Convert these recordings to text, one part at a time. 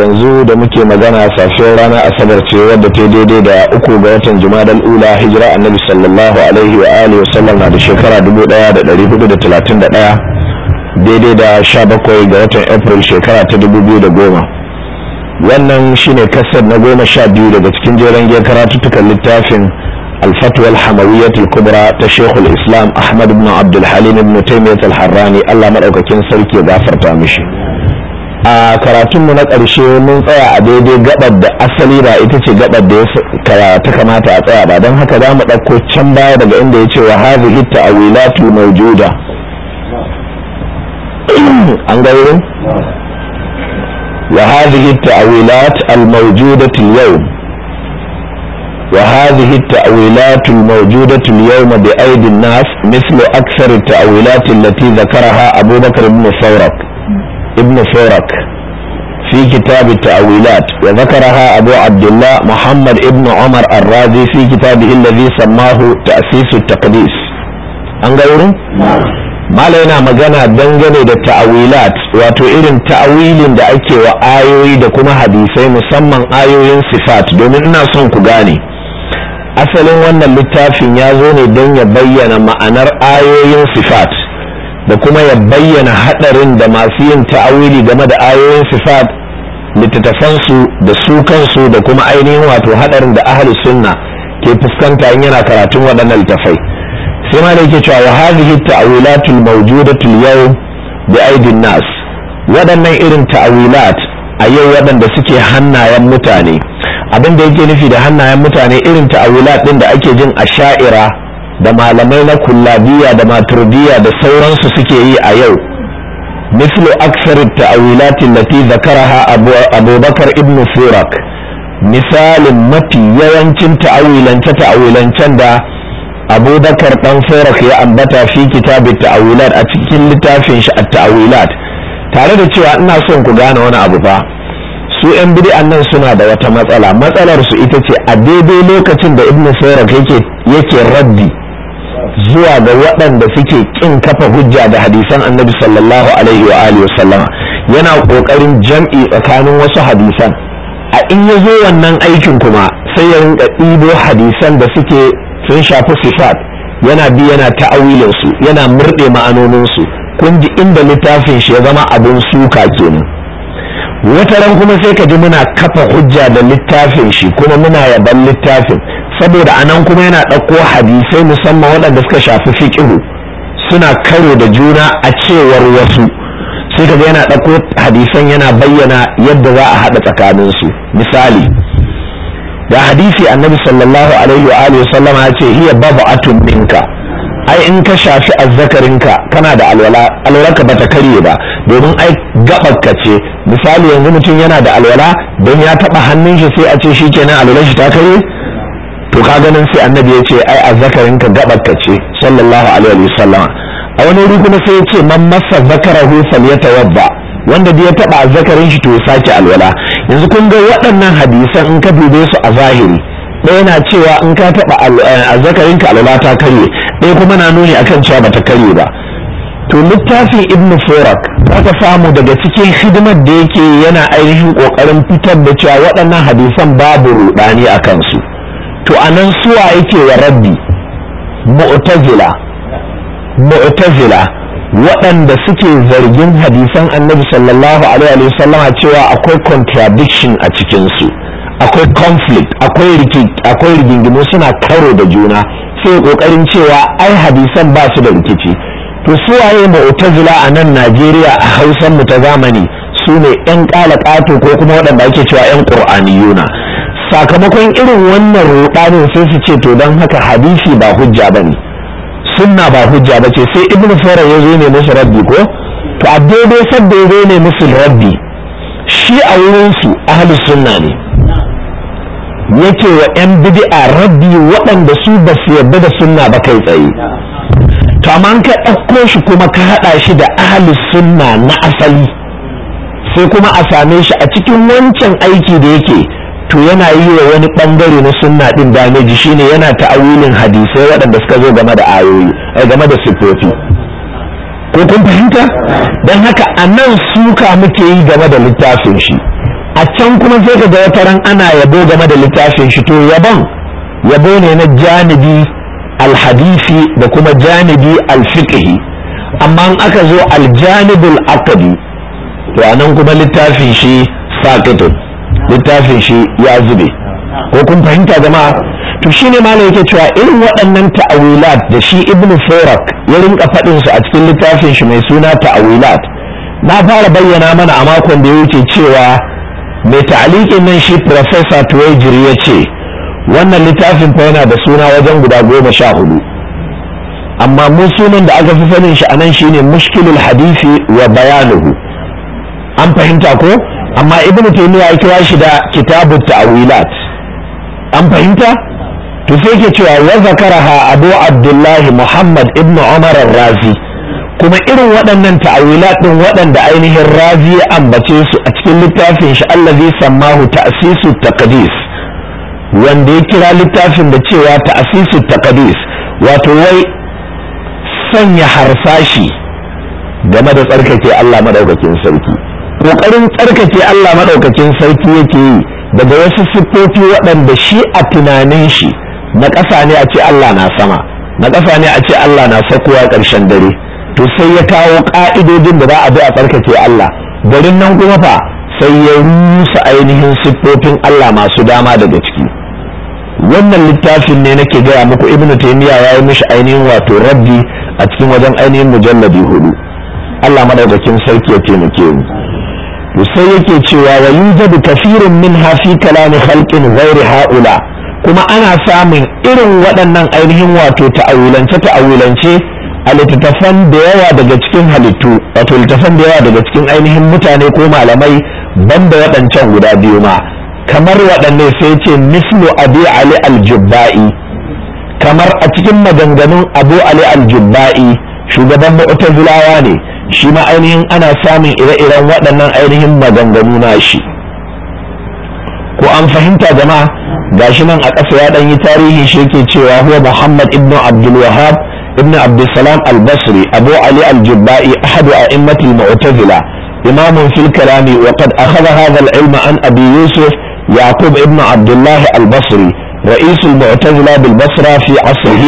yanzu da muke magana safiyar rana asabar ce wadda ta daidai da uku ga watan jumadal ula hijira annabi sallallahu alaihi wa alihi wa sallam na da shekara daya daidai da 17 ga watan april shekara ta dubu biyu da goma. wannan shine kasar na goma sha biyu daga cikin jeren gyan karatuttukan littafin الفتوى الحموية الكبرى تشيخ الإسلام أحمد بن عبد الحليم بن تيمية الحراني الله مرأوك كن سلكي غافر تامشي a karatunmu na ƙarshe mun tsaya a daidai gabar da asali ba ita ce gabar da ta kamata a tsaya ba don haka za mu ɗauko can baya daga inda ya ce wa hazihi ta'awilatu mawjuda an ga wurin wa hazihi ta'awilat al-mawjudatu al-yawm وهذه التأويلات الموجودة اليوم بأيدي الناس مثل ابن شورك في كتاب التأويلات وذكرها أبو عبد الله محمد ابن عمر الرازي في كتابه الذي سماه تأسيس التقديس أنقلوا؟ mala yana magana dangane da ta'awilat wato irin ta'awilin da ake wa ayoyi da kuma hadisai musamman ayoyin sifat domin ina son ku gane asalin wannan littafin ya zo ne don ya bayyana ma'anar ayoyin sifat da kuma ya bayyana hadarin da masu yin ta'awili game da ayoyin sifat littattafansu da su kansu da kuma ainihin wato hadarin da ahli sunna ke fuskanta in yana karatun waɗannan littafai sai ma da yake cewa wa hadhihi ta'wilatul mawjudatul yawm bi aidin nas waɗannan irin ta'wilat a yau waɗanda suke hannayen mutane abin da yake nufi da hannayen mutane irin ta'wilat din da ake jin asha'ira da malamai na kullabiya da maturdiya da sauransu suke yi a yau mislu aksarar ta'awilatin lati zakaraha abubakar ibn furak misalin mafi yawancin ta'awilance ta'awilancen da abubakar dan furak ya ambata fi kitabin ta'awilat a cikin littafin shi a ta'awilat tare da cewa ina son ku gane wani abu ba su 'yan bid'an nan suna da wata matsala matsalar su ita ce a daidai lokacin da ibn furak yake yake raddi zuwa ga waɗanda suke ƙin kafa hujja da hadisan annabi sallallahu alaihi wa alihi yana ƙoƙarin jam'i tsakanin wasu hadisan a in ya zo wannan aikin kuma sai ya rinka ɗibo hadisan da suke sun shafi sifat yana bi yana ta'awilin su yana murɗe ma'anonin su kun ji inda littafin shi ya zama abin suka kenan wata ran kuma sai ka ji muna kafa hujja da littafin shi kuma muna yaban littafin saboda anan kuma yana ɗauko hadisai musamman waɗanda suka shafi fiƙihu suna karo da juna a cewar wasu sai kaga yana ɗauko hadisan yana bayyana yadda za a haɗa tsakaninsu misali da hadisi annabi sallallahu alaihi wa alihi sallama ya ce hiya babu minka ai in ka shafi azzakarinka kana da alwala alwalarka ta karye ba domin ai gabarka ce misali yanzu mutum yana da alwala don ya taba hannun shi sai a ce shikenan alwalar shi ta karye to ka ganin sai annabi ya ce ai azzakarin ka gabar ka ce sallallahu alaihi wa sallam. a wani wuri kuma sai ya ce man massa zakarahu falyatawadda wanda da ya taba azzakarin shi to ya sake alwala yanzu kun ga waɗannan hadisan in ka dube su a zahiri ɗaya na cewa in ka taba eh, azzakarin ka alwala ta karye ɗaya kuma na nuni akan cewa bata karye ba to littafin ibn furak ta samu daga cikin hidimar da yake yana ainihin kokarin fitar da cewa waɗannan hadisan babu rudani a kansu to anan suwa yake wa rabbi mu'tazila mu'tazila waɗanda suke zargin hadisan annabi sallallahu alaihi wasallama cewa akwai contradiction a cikinsu akwai conflict akwai rigingimu suna karo da juna sai kokarin cewa ai hadisan ba su da rikici to suwaye mu'tazila a nan najeriya a hausan mu ta zamani su ne yan ƙala ƙato ko kuma waɗanda ake cewa yan ƙur'aniyuna sakamakon irin wannan rudanin sai su ce to don haka hadisi ba hujja ba ne sunna ba hujja ba ce sai ibn fara ya zo ne musu rabbi ko to a daidai sadda ya zo ne musu rabbi shi a wurinsu ahalus sunna ne yake wa 'yan bid'a rabbi waɗanda su ba su yarda da sunna ba kai tsaye to amma ka ɗauko shi kuma ka haɗa shi da ahli sunna na asali sai kuma a same shi a cikin wancan aiki da yake to yana yi wa wani bangare na sunna din dameji shine yana ta'awilin hadisai waɗanda suka zo game da ayoyi eh, game da sifofi ko kun fahimta don haka a nan suka muke yi game da littafin shi a can kuma sai ka ga wata ran ana yabo game da littafin shi to yabon yabo ne na janibi alhadisi da kuma janibi alfiqhi amma an aka zo aljanibul aqdi to anan kuma littafin shi saqitun littafin shi ya zube ko kun fahimta jama'a to shine malam yake cewa irin waɗannan ta'awilat da shi ibn farak ya rinka faɗin su a cikin littafin shi mai suna ta'awilat na fara bayyana mana a makon da ya wuce cewa mai ta'alikin nan shi professor tuwajiri ya ce wannan littafin fa yana da suna wajen guda goma sha hudu amma mun sunan da aka fi sanin shi anan shine mushkilul hadisi wa bayanuhu an fahimta ko amma ibnu taymiya ya kira shi da kitabut ta'wilat an fahimta to sai yake cewa wa zakaraha abu abdullahi muhammad ibnu umar razi kuma irin waɗannan ta'awilat ɗin waɗanda ainihin razi ya ambace su a cikin littafin shi allazi sammahu ta'sisu taqdis wanda ya kira littafin da cewa ta'sisu taqdis wato wai sanya harsashi game da tsarkake Allah madaukakin sarki ƙoƙarin tsarkake Allah maɗaukacin sarki yake yi daga wasu siffofi waɗanda shi a tunanin shi na ƙasa ne a ce Allah na sama na ƙasa ne a ce Allah na sakuwa ƙarshen dare to sai ya kawo ƙa'idodin da za a bi a tsarkake Allah garin nan kuma fa sai ya rusa ainihin siffofin Allah masu dama daga ciki wannan littafin ne nake gaya muku ibnu taymiya ya mishi ainihin wato rabbi a cikin wajen ainihin mujalladi hudu Allah madaukakin sarki ya taimake mu sai yake cewa wa yujadu kafirin min hafi kalami khalqin zairi haula kuma ana samun irin waɗannan ainihin wato ta'awulance ta'awulance a littattafan da yawa daga cikin halittu wato littattafan da yawa daga cikin ainihin mutane ko malamai ban da waɗancan guda biyu ma kamar waɗanne sai ce mislu abi ali al kamar a cikin maganganun abu ali al shugaban mu'tazilawa ne shi ma ainihin ana samun ire-iren waɗannan ainihin maganganu na shi ko an fahimta jama'a shi nan a ƙasa ya ɗan yi tarihi shi yake cewa huwa muhammad ibn abdul wahab ibn abdulsalam al-basri abu ali al-jubba'i ahadu immatul mu'tazila imamun fil kalami wa qad akhadha hadha al-ilma an abi yusuf yaqub ibn abdullah al-basri رئيس المعتزلة بالبصرة في عصره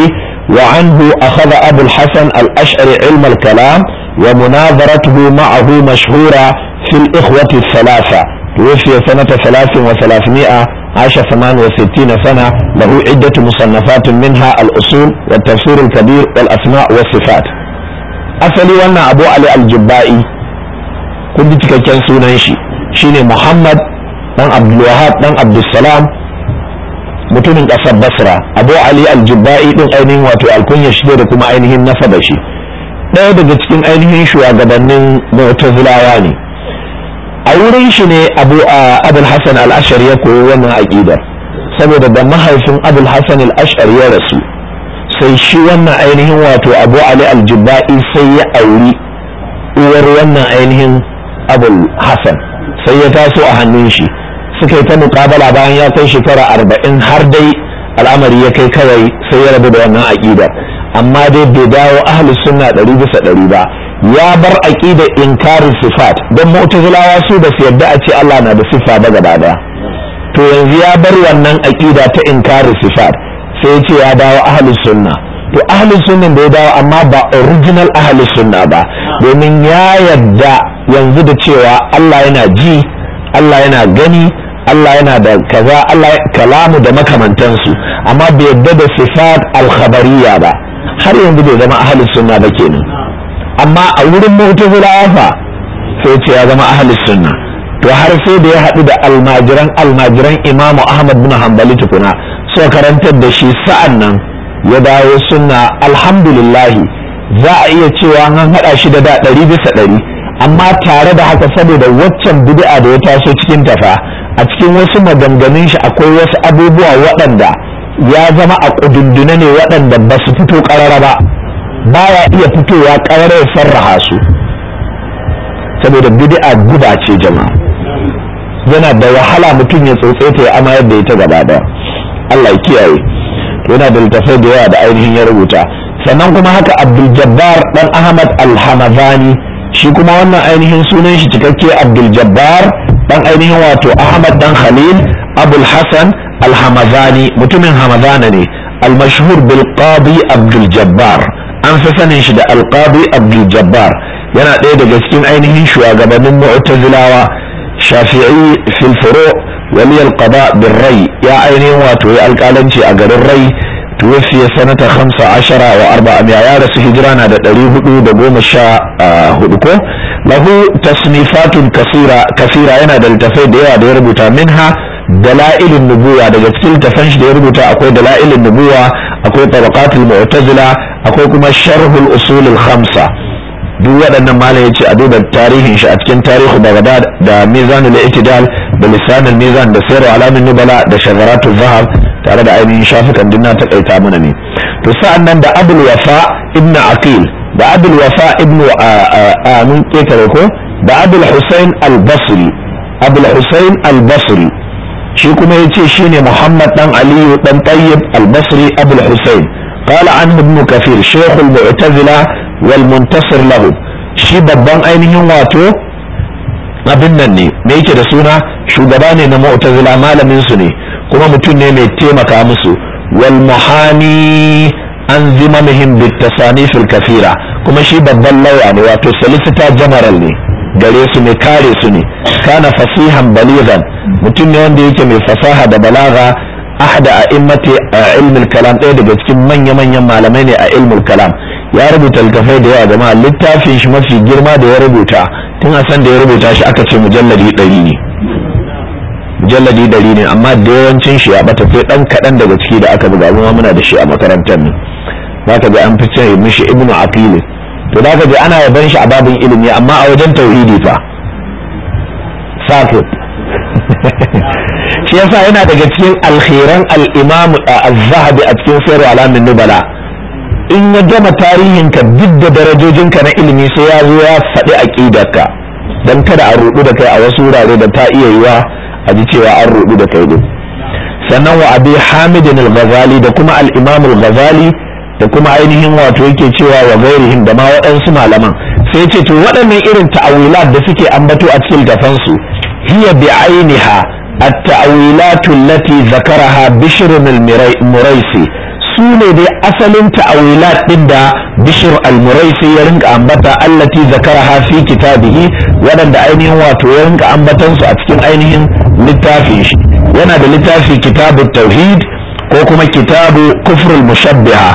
وعنه أخذ أبو الحسن الأشعري علم الكلام ومناظرته معه مشهورة في الإخوة الثلاثة توفي سنة ثلاث وثلاثمائة عاش ثمان وستين سنة له عدة مصنفات منها الأصول والتفسير الكبير والأسماء والصفات أصلي وانا أبو علي الجبائي كنت تكتن سنة شيني محمد دان عبد الوهاب دان عبد السلام mutumin ƙasar basra abu ali aljubba'i ɗin ainihin wato alkunya shi da kuma ainihin nasaba shi ɗaya daga cikin ainihin shugabannin mu'tazilawa ne a wurin shi ne abu abul hasan al-ashar ya koyi wannan aƙidar saboda da mahaifin abul hasan al-ashar ya rasu sai shi wannan ainihin wato abu ali aljubba'i sai ya auri uwar wannan ainihin abul hasan sai ya taso a hannun shi suka yi ta mukabala bayan ya kai shekara arba'in har dai al'amari ya kai kawai sai ya rabu da wannan aƙidar amma dai bai dawo ahli sunna ɗari bisa ɗari ba ya bar aƙidar inkarin sifat don mu'tazilawa su ba su yarda a ce Allah na da sifa ba gaba daya to yanzu ya bar wannan aƙida ta inkarin sifat sai ya ce ya dawo ahli sunna to ahli sunna da ya dawo amma ba original ahli sunna ba domin ya yarda yanzu da cewa Allah yana ji Allah yana gani Allah yana da kaza Allah kalamu da makamantansu amma bai yadda da sifat al-khabariyya ba har yanzu bai zama ahlus sunna ba kenan amma a wurin mu'tazila fa sai ce ya zama ahlus sunna to har sai da ya haɗu da almajiran almajiran imamu ahmad bin hanbali tukuna so karantar da shi sa'an nan ya dawo sunna alhamdulillahi za a iya cewa an haɗa shi da da ɗari bisa ɗari amma tare da haka saboda waccan bid'a da ya taso cikin tafa a cikin wasu maganganun shi akwai wasu abubuwa waɗanda ya zama a ƙudundune ne waɗanda ba su fito ƙarara ba baya iya fitowa ƙarara ya sarraha su saboda bid'a guba ce jama'a yana da wahala mutum ya tsotse ta ya amayar da ta gaba da Allah ya kiyaye yana da littafai da yawa da ainihin ya rubuta sannan kuma haka Abdul Jabbar dan Ahmad Al-Hamadani shi kuma wannan ainihin sunan shi cikakke abdul jabbar dan ainihin wato ahmad dan khalil abul al alhamazani mutumin hamazana ne almashhur bil qadi abdul jabbar an fi sanin shi da alqadi abdul jabbar yana ɗaya daga cikin ainihin shugabannin mu'tazilawa shafi'i fil furu' waliyal qada rai ya ainihin wato ya alƙalanci a garin rai tuwasiya sanata hamsa ashara wa arba'a ya rasu hijira na da ɗari hudu da goma sha ah, hudu ko lahu tasnifatun kasira kasira yana da littafai da yawa da ya rubuta minha dala'ilin nubuwa daga cikin littafan shi da ya rubuta akwai dala'ilin nubuwa akwai tabaqatul motazila akwai kuma sharhul usulul khamsa duk waɗannan malam ya ce a duba tarihin shi a cikin tarihu bagdad da mizanul itidal da lisanul mizan da sayru alamin nubala da shagaratu zahab tare da ainihin shafukan dinna ta kaita mana ne to sa'an nan da abul wafa ibn aqil da abul wafa ibn amin ketare ko da abul husain al-basri abul husain al-basri shi kuma yace shine muhammad dan aliyu dan tayyib al-basri abul husain قال عنه ابن كثير شيخ المعتزلة wal muntasir shi babban ainihin wato abin nan ne me yake da suna shugaba ne na mu'tazila malamin su ne kuma mutum ne mai taimaka musu wal muhani an zimamihim bitasanifil kafira kuma shi babban lauya ne wato solicitor general ne gare su ne kare su ne kana fasihan baligan mutum ne wanda yake mai fasaha da balaga ahda a a ilmul kalam ɗaya daga cikin manya-manyan malamai ne a ilmul kalam ya rubuta littafai da yawa jama'a littafin shi mafi girma da ya rubuta tun a san da ya rubuta shi aka ce mujalladi ɗari ne mujalladi ɗari ne amma da yawancin shi ya bata sai ɗan kaɗan daga ciki da aka buga kuma muna da shi a makarantar ne. za ka ga an fi ce mishi ibnu aqil to za ka je ana yaban shi a babin ilimi amma a wajen tauhidi fa Sakut shi yasa yana daga cikin alkhiran al-imam az-zahabi a cikin sayar alamin nubala in ya gama tarihinka duk da darajojinka na ilimi sai ya zo ya faɗi aƙidarka don kada a ruɗu da kai a wasu wurare da ta iya yiwa a ji cewa an ruɗu da kai ne. sannan wa abi hamidin al-ghazali da kuma al-imam al-ghazali da kuma ainihin wato yake cewa wa gairihim da ma waɗansu malaman sai ce to waɗannan irin ta'awilat da suke ambato a cikin gafansu hiya bi ainiha at-ta'awilatu allati zakaraha bishr al-muraisi su ne dai asalin ta'awilat din da bishir al-muraisi ya rinka ambata allati zakara hafi kitabihi waɗanda ainihin wato ya rinka ambatansu a cikin ainihin littafin shi yana da littafi kitabu tauhid ko kuma kitabu kufrul mushabbiha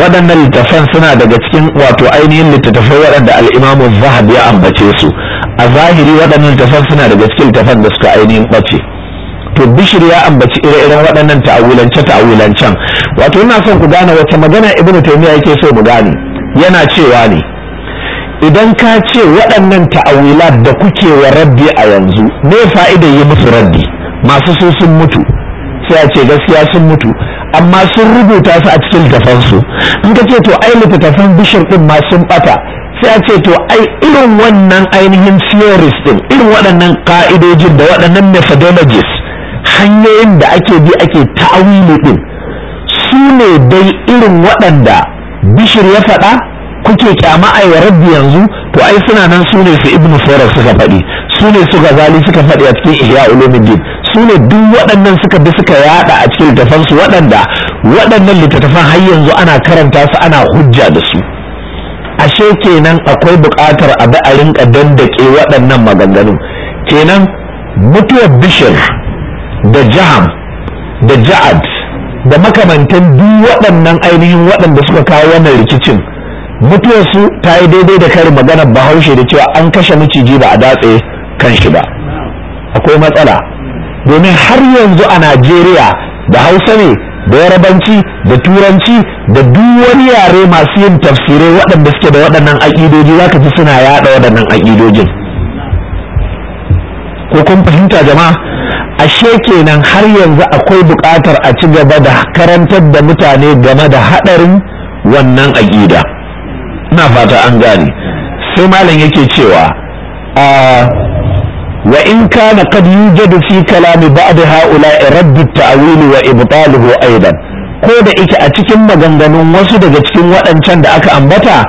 waɗannan littafan suna daga cikin wato ainihin littattafai waɗanda al zahab ya ambace su a zahiri waɗannan littafan suna daga cikin littafan da suka ainihin ɓace to bishir ya ambaci ire-iren waɗannan ta'awulance ta'awulancen wato ina son ku gane wata magana ibnu taymiya yake so mu gane yana cewa ne idan ka ce waɗannan ta'awilat da kuke wa rabbi a yanzu me fa'idar yi musu rabbi, masu su sun mutu sai a ce gaskiya sun mutu amma sun rubuta su a cikin littafansu in ka ce to ai littattafan bishir din ma sun bata sai a ce to ai irin wannan ainihin theorist ɗin, irin waɗannan ka'idojin da waɗannan methodologies hanyoyin da ake bi ake ta'awili din su ne dai irin waɗanda bishir ya faɗa kuke kyama a rabbi yanzu to ai suna nan su ne su ibnu farar suka faɗi su ne su gazali suka faɗi a cikin ihya ulumuddin su ne duk waɗannan suka bi suka yada a cikin su waɗanda waɗannan littattafan har yanzu ana karanta su ana hujja da su ashe kenan akwai buƙatar a bi a rinka dandake waɗannan maganganun kenan mutuwar bishir da jaham da ja'ad da makamantan duk waɗannan ainihin waɗanda suka kawo wannan rikicin mutuwarsu ta yi daidai da karin maganar bahaushe da cewa an kashe maciji ba a datse kan shi ba akwai matsala domin har yanzu a najeriya da hausa ne da yarabanci da turanci da duk wani yare masu yin tafsirai waɗanda suke da waɗannan aƙidoji za ka ji suna yaɗa waɗannan aƙidojin ko kun fahimta jama'a ashe kenan har yanzu akwai buƙatar a ci gaba da karantar da mutane game da haɗarin wannan aƙida ina fata an gane sai malam yake cewa a kana كان قد يوجد في كلام بعض هؤلاء tawil wa وإبطاله aidan ko da ike a cikin maganganun wasu daga cikin waɗancan da aka ambata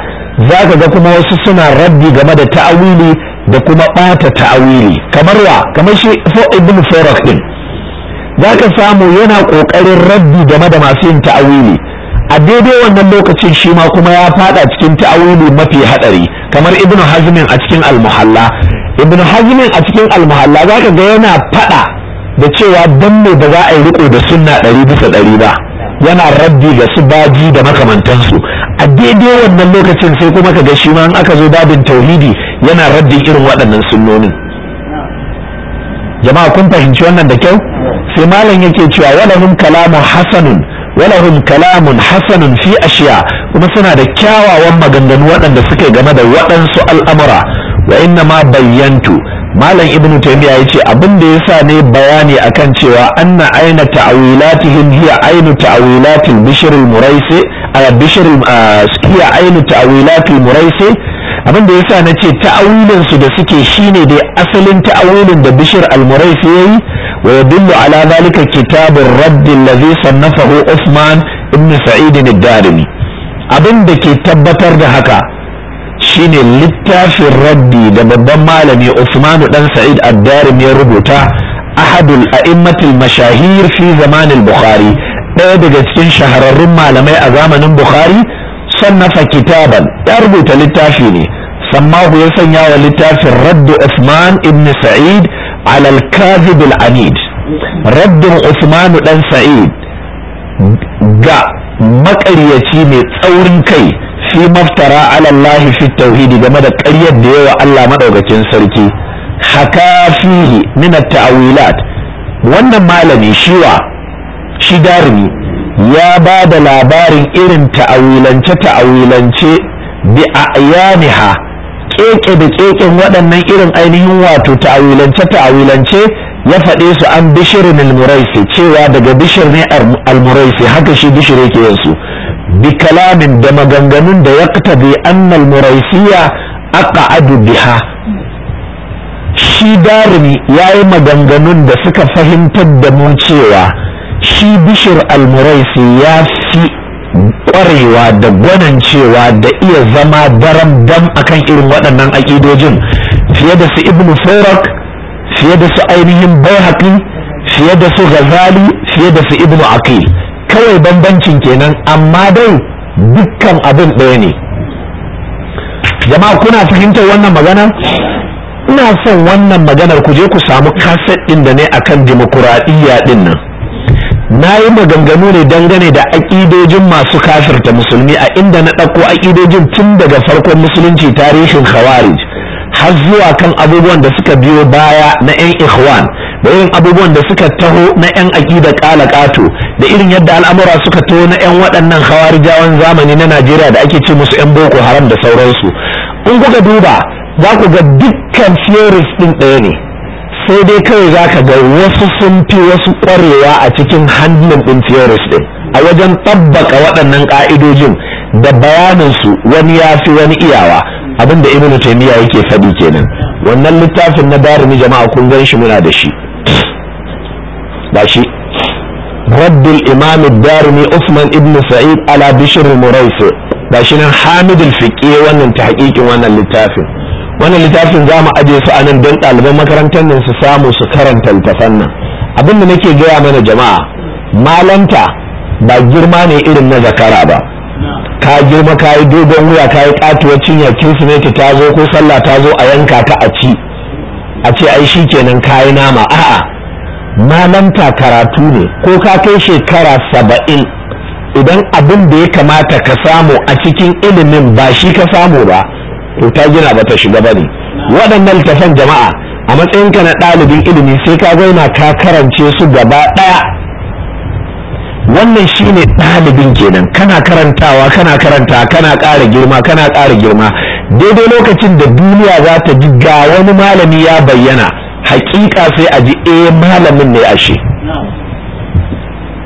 zaka ga kuma wasu suna raddi game da ta'awili da kuma ɓata ta'awili kamar wa kamar shi ibn farak din zaka samu yana kokarin raddi game da masu yin ta'awili a daidai wannan lokacin shi ma kuma ya fada cikin ta'awili mafi haɗari kamar ibn hazmin a cikin almuhalla ibn hazmin a cikin almuhalla zaka ga yana faɗa da cewa dan ne ba za a yi riko da sunna ɗari bisa ɗari ba yana raddi ga su baji da makamantansu a daidai wannan lokacin sai kuma ka ga shi ma in aka zo babin tauhidi yana raddin irin waɗannan sunnonin jama'a kun fahimci wannan da kyau sai malam yake cewa walahum kalamu hasanun walahum kalamun hasanun fi ashiya kuma suna da kyawawan maganganu waɗanda suke game da waɗansu al'amura wa inna ma bayyantu malam ibnu taymiya yace abin da yasa ne bayani akan cewa anna aina ta'wilatihim hiya aina ta'wilatil bishr al-muraisi a bishr hiya muraisi abin da yasa na ce ta'awilin su da suke shine dai asalin ta'awilin da bishir al-muraisi yayi wa yadullu ala zalika kitabur radd allazi sannafahu Usman ibn Sa'id ad-Darimi abin da ke tabbatar da haka shine littafin raddi da babban malami Usmanu dan Sa'id ad-Darimi ya rubuta ahadul a'immatil mashahir fi zamanin Bukhari ɗaya daga cikin shahararrun malamai a zamanin Bukhari sannafa kitaban ya rubuta littafi ne sammahu ya sanya wa littafin raddu Usman ibn Sa'id alal kadhib al anid raddun Usman dan Sa'id ga maƙaryaci mai tsaurin kai fi maftara alallahi Allah fi tauhidi game da ƙaryar da yawa Allah madaukakin sarki haka fihi min at-ta'wilat wannan malami shiwa shi darimi ya ba da labarin irin ta'awilance ta'awilance bi ayaniha keke da keken waɗannan irin ainihin wato ta'awilance ta'awilance ya faɗe su an bishirin almuraisi cewa daga bishir ne almuraisi haka shi bishir yake yansu bi kalamin da maganganun da ya katabe an almuraisiya adu biha shi ya yi maganganun da suka fahimtar da mu cewa shi bishir almuraisi ya fi ƙwarewa da gwanancewa da iya zama daram dam akan irin waɗannan aƙidojin fiye da su ibnu furak fiye da su ainihin bayhaqi fiye da su ghazali fiye da su ibnu aqil kawai bambancin kenan amma dai dukkan abin ɗaya ne jama'a kuna fahimtar wannan magana ina son wannan maganar ku je ku samu kaset ɗin da ne akan dimokuraɗiyya ɗin nan na yi maganganu ne dangane da aƙidojin masu kafirta musulmi a inda na ɗauko aƙidojin tun daga farkon musulunci tarihin khawarij har zuwa kan abubuwan da suka biyo baya na 'yan ikhwan da irin abubuwan da suka taho na 'yan aƙida ƙala ƙato da irin yadda al'amura suka taho na 'yan waɗannan hawarijawan zamani na najeriya da ake ce musu 'yan boko haram da sauransu in kuka duba za ku ga dukkan theories ɗin ɗaya ne sai dai kawai za ka ga wasu sun fi wasu ƙwarewa a cikin handling ɗin theories ɗin a wajen tabbaka waɗannan ƙa'idojin da bayaninsu wani ya fi wani iyawa abin da ibnu taymiya yake faɗi kenan wannan littafin na darimi jama'a kun gan shi muna da shi ba shi raddul imam darimi usman ibn sa'id ala bishr muraisi ba shi nan hamid al-fiqi wannan wannan littafin wannan littafin za mu ajiye su a nan don ɗaliban makarantar nan su samu su karanta littafan nan abin da nake gaya mana jama'a malanta ba girma ne irin na zakara ba ka girma ka yi dogon wuya ka yi ƙatuwar cinya kirsimeti ta zo ko sallah ta zo a yanka ta a ci a ce ai shi kenan ka yi nama a'a malanta karatu ne ko ka kai shekara saba'in idan abin da ya kamata ka samu a cikin ilimin ba shi ka samu ba to ta gina ba bata shiga ba ne waɗannan littafan jama'a a matsayinka na ɗalibin ilimi sai ka zauna ka karance su gaba ɗaya wannan shine ɗalibin kenan kana karantawa kana karanta kana ƙara girma kana ƙara girma daidai lokacin da duniya za ta ji ga wani malami ya bayyana hakika sai a ji eh malamin ne ashe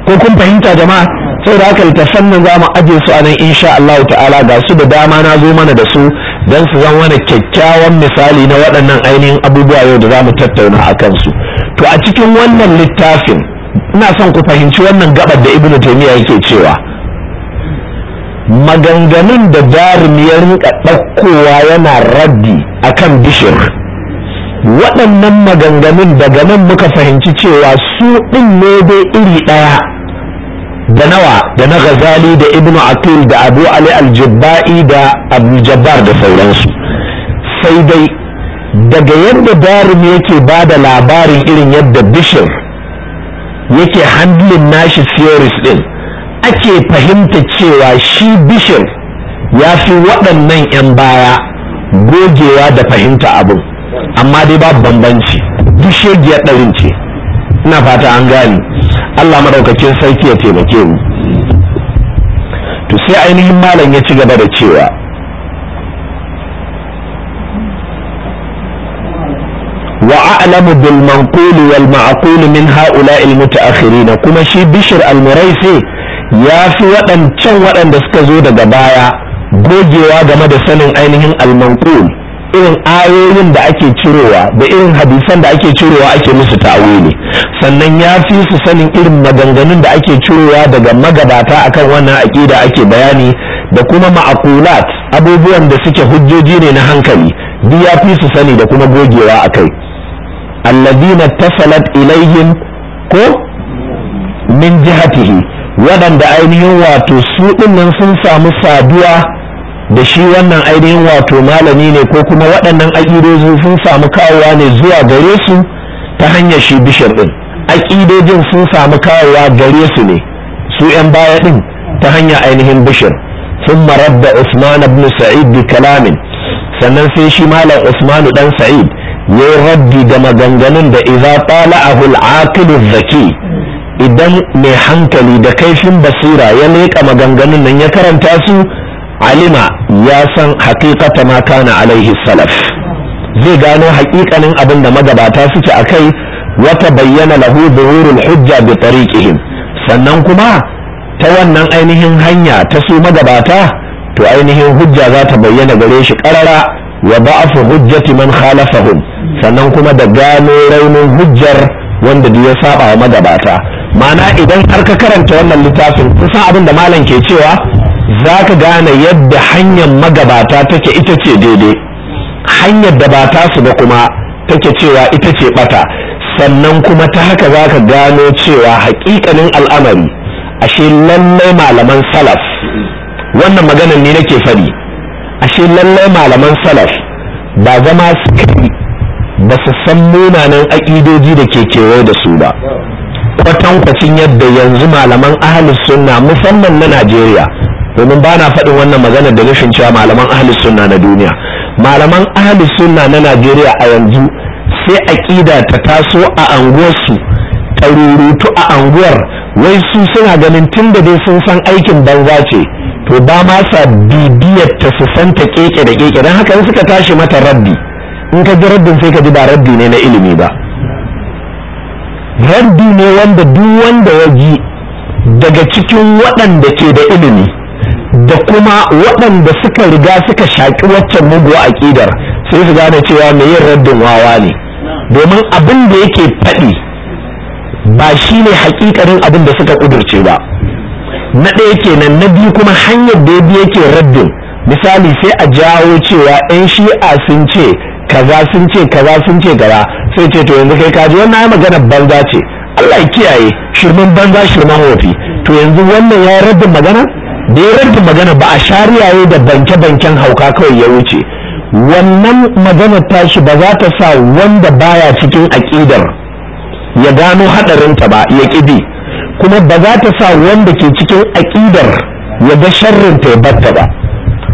ko kun fahimta jama'a saboda haka littafan nan za mu aje su a nan insha Allah ta'ala ga su da dama na zo mana da su don su zama wani kyakkyawan misali na waɗannan ainihin abubuwa yau da za mu tattauna a kansu to a cikin wannan littafin ina son ku fahimci wannan gabar da ibnu taimiyya yake cewa maganganun da darimi ya rinka ɗaukowa yana raddi akan bishir waɗannan maganganun daga nan muka fahimci cewa su ɗin ne dai iri ɗaya da nawa da na gazali da ibnu atul da abu ali al da abu jabbar da sauransu sai dai daga yadda darin yake ba da labarin irin yadda bishir yake handlin nashi theories din ake fahimta cewa shi bishir ya fi waɗannan 'yan baya gogewa da fahimta abu amma dai babu bambanci bishir ya ɗarin ce ina fata an gani Allah madaukakin sarki ya taimake mu to sai ainihin malam ya ci gaba da cewa wa a'lamu bil manqul wal ma'qul min ha'ula al muta'akhirin kuma shi bishr al muraisi ya fi waɗancan waɗanda suka zo daga baya gogewa game da sanin ainihin al manqul irin ayoyin da ake cirowa da irin hadisan da ake cirowa ake musu tawili sannan ya fi su sanin irin maganganun da ake cirowa daga magabata akan wannan aƙida ake bayani da kuma ma'akulat abubuwan da suke hujjoji ne na hankali duk ya fi su sani da kuma gogewa a kai allazina tasalat ilaihim ko min jihatihi waɗanda ainihin wato su ɗinnan sun samu saduwa da shi wannan ainihin wato malami ne ko kuma waɗannan aƙidoji sun samu kawowa ne zuwa gare su ta hanyar shi bishir ɗin aƙidojin sun samu kawowa gare su ne su 'yan baya ɗin ta hanyar ainihin bishir sun marar da usman ibn sa'id bi kalamin sannan sai shi malam usmanu Ɗan sa'id ya yi raddi da maganganun da iza tala'ahu al-aqilu zaki idan mai hankali da kaifin basira ya leƙa maganganun nan ya karanta su alima ya san haqiqata ma kana alaihi salaf zai gano haƙiƙanin abin da magabata suke a kai wata bayyana lahu zuhurul hujja bi tariqihim sannan kuma ta wannan ainihin hanya ta su magabata to ainihin hujja za ta bayyana gare shi karara wa ba'fu hujjati man khalafahum sannan kuma da gano raunin hujjar wanda duk ya saba wa magabata mana idan har ka karanta wannan littafin kusan abin da malam ke cewa za ka gane yadda hanyar magabata take ita ce daidai hanyar da ba ta su ba kuma take cewa ita ce bata sannan kuma ta haka za ka gano cewa hakikanin al'amari ashe lallai malaman salaf wannan maganar ne nake fari ashe lallai malaman salaf ba zama su ba su san munanan aƙidoji da ke kewaye da su ba kwatankwacin yadda yanzu malaman ahalus sunna musamman na najeriya domin ba na faɗin wannan magana da nufin cewa malaman ahli sunna na duniya malaman ahli sunna na najeriya a yanzu sai aƙida ta taso a anguwarsu ta rurutu a anguwar wai su suna ganin tun da dai sun san aikin banza ce to ba ma sa bibiyar ta su san ta keke da keke don haka suka tashi mata rabbi in ka ji rabbin sai ka ji ba rabbi ne na ilimi ba rabbi ne wanda duk wanda ya ji daga cikin waɗanda ke da ilimi da kuma waɗanda suka riga suka shaƙi waccan muguwa aƙidar sai su gane cewa mai yin raddin wawa ne domin abin da yake faɗi ba shi ne hakikarin abin da suka ƙudurce ba na ɗaya kenan na biyu kuma hanyar da ya bi yake raddin misali sai a jawo cewa 'yan shi'a sun ce kaza sun ce kaza sun ce gara sai ce to yanzu kai kaji wannan ya magana banza ce Allah ya kiyaye shirman banza shirman wofi to yanzu wannan ya raddin magana da ya magana ba a shari'a shariyaye da banke-banken hauka kawai ya wuce wannan magana tashi ba za ta sa wanda baya cikin aƙidar ya gano haɗarinta ba ya ƙibi kuma ba za ta sa wanda ke cikin aƙidar ya ga sharrinta ya batta ba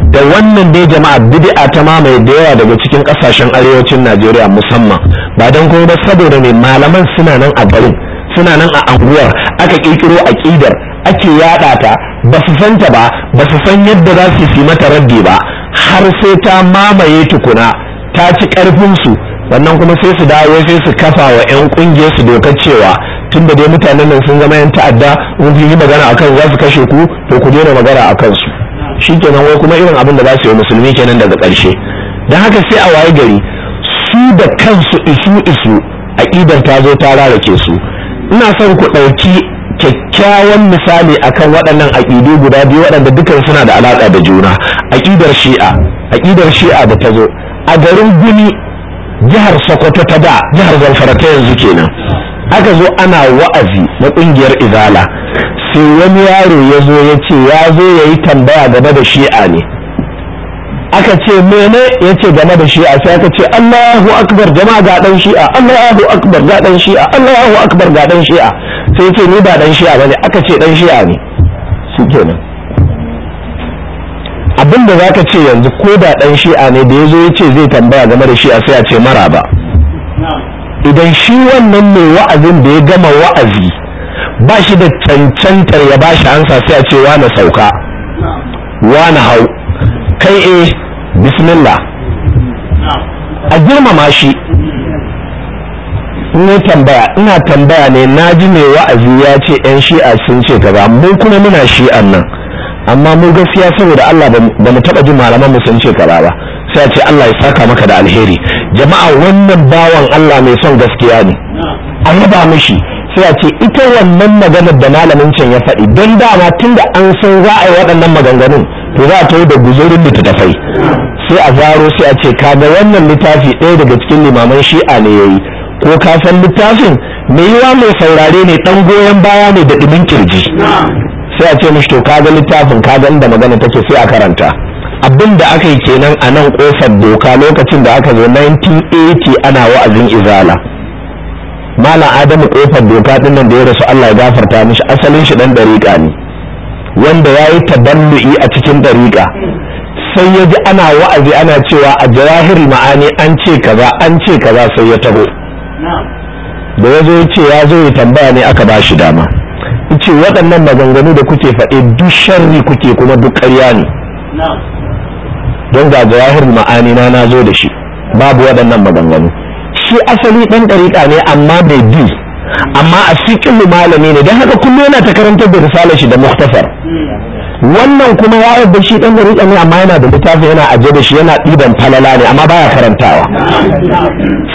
da wannan dai jama'a bid'a ta mamaye da yawa daga cikin ƙasashen arewacin najeriya musamman ba don kuma ba saboda ne malaman suna nan a garin suna nan a anguwar aka ƙirƙiro aƙidar ake yaɗa ta ba su santa ba ba su san yadda za su yi mata rabbi ba har sai ta mamaye tukuna ta ci karfin su wannan kuma sai su dawo sai su kafa wa 'yan kungiyar su dokar cewa tun da dai mutanen nan sun zama 'yan ta'adda in fi yi magana akan za su kashe ku to ku daina magana akan su shikenan wai kuma irin abin da za su yi musulmi kenan daga ƙarshe dan haka sai a waye gari su da kansu isu isu aƙidar ta zo ta rarake su ina son ku ɗauki kyakkyawan misali akan waɗannan aƙidu guda biyu waɗanda dukan suna da alaƙa da juna aƙidar shi'a aƙidar shi'a da ta zo a garin guni jihar sokoto ta da jihar zamfara ta yanzu kenan aka zo ana wa'azi na ƙungiyar izala sai wani yaro ya zo ya ce ya zo ya yi tambaya game da shi'a ne aka ce mene ya ce game da shi'a sai aka ce allahu akbar jama'a ga ɗan shi'a allahu akbar ga ɗan shi'a allahu akbar ga ɗan shi'a sai ce ni ba dan shi'a bane aka ce dan shi'a ne su kenan abin da zaka ce yanzu ko da dan shi'a ne da yazo ya ce zai tambaya game da shi'a sai a ce mara ba, idan shi wannan mai wa'azin da ya gama wa'azi ba shi da cancantar ya ba shi hansa sai a ce wani sauka na hau kai eh bismillah a girmama shi ne tambaya ina tambaya ne na ji mai wa'azi ya ce yan shi'a sun ce kaza mu kuma muna shi'an nan amma mu gaskiya saboda Allah ba mu taba ji malaman mu sun ce kaza ba sai a ce Allah ya saka maka da alheri jama'a wannan bawan Allah mai son gaskiya ne a yaba mishi sai a ce ita wannan maganar da malamin can ya faɗi don dama tunda an san za a yi waɗannan maganganun to za ta tawo da guzurin littattafai sai a zaro sai a ce kaga wannan littafi ɗaya daga cikin limaman shi'a ne yayi ko kasan littafin mai yiwa mai saurare ne dan goyon baya ne da ɗumin kirji sai a ce mishi to ka ga littafin ka ga inda magana take sai a karanta abin da aka yi kenan a nan ƙofar doka lokacin da aka zo 1980 ana wa'azin izala malam adamu ƙofar doka din nan da ya rasu Allah ya gafarta mishi asalin shi dan dariƙa ne wanda yayi taballu'i a cikin dariƙa sai ya ji ana wa'azi ana cewa a jawahiri ma'ani an ce kaza an ce kaza sai ya taho da ya zo ya ce ya zo ya tambaya ne aka ba shi dama ce waɗannan maganganu da kuke faɗe duk sharri kuke kuma duk ƙarya ne don ga jawahir ma'ani na na zo da shi babu waɗannan maganganu shi asali ɗan ɗariƙa ne amma bai bi amma a cikin malami ne don haka kullum yana ta karantar da risala shi da muktasar hmm. wannan kuma ya yarda shi ɗan gari ne amma yana da littafi yana ajiye da shi yana ɗiban falala ne amma baya farantawa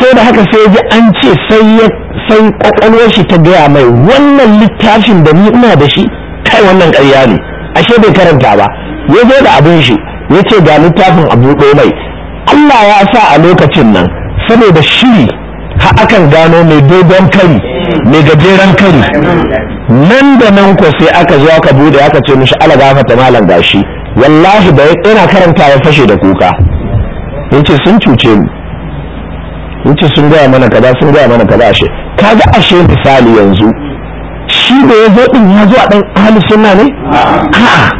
sai da haka sai ji an ce sai ya sai kwakwalwar shi ta gaya mai wannan littafin da ni ina da shi kai wannan ƙarya ne ashe bai karanta ba ya zo da abin shi ya ce ga littafin abu mai Allah ya sa a lokacin nan saboda shiri ha akan gano mai dogon kari mai gajeren kari nan da nan ko sai aka zo aka bude aka ce mishi ala ta malam gashi wallahi da yana karanta ya fashe da kuka yace sun cuce mu yace sun gaya mana kaza sun gaya mana kaza ashe kaga ashe misali yanzu shi da ya zo din ya zo a dan ahli sunna ne a'a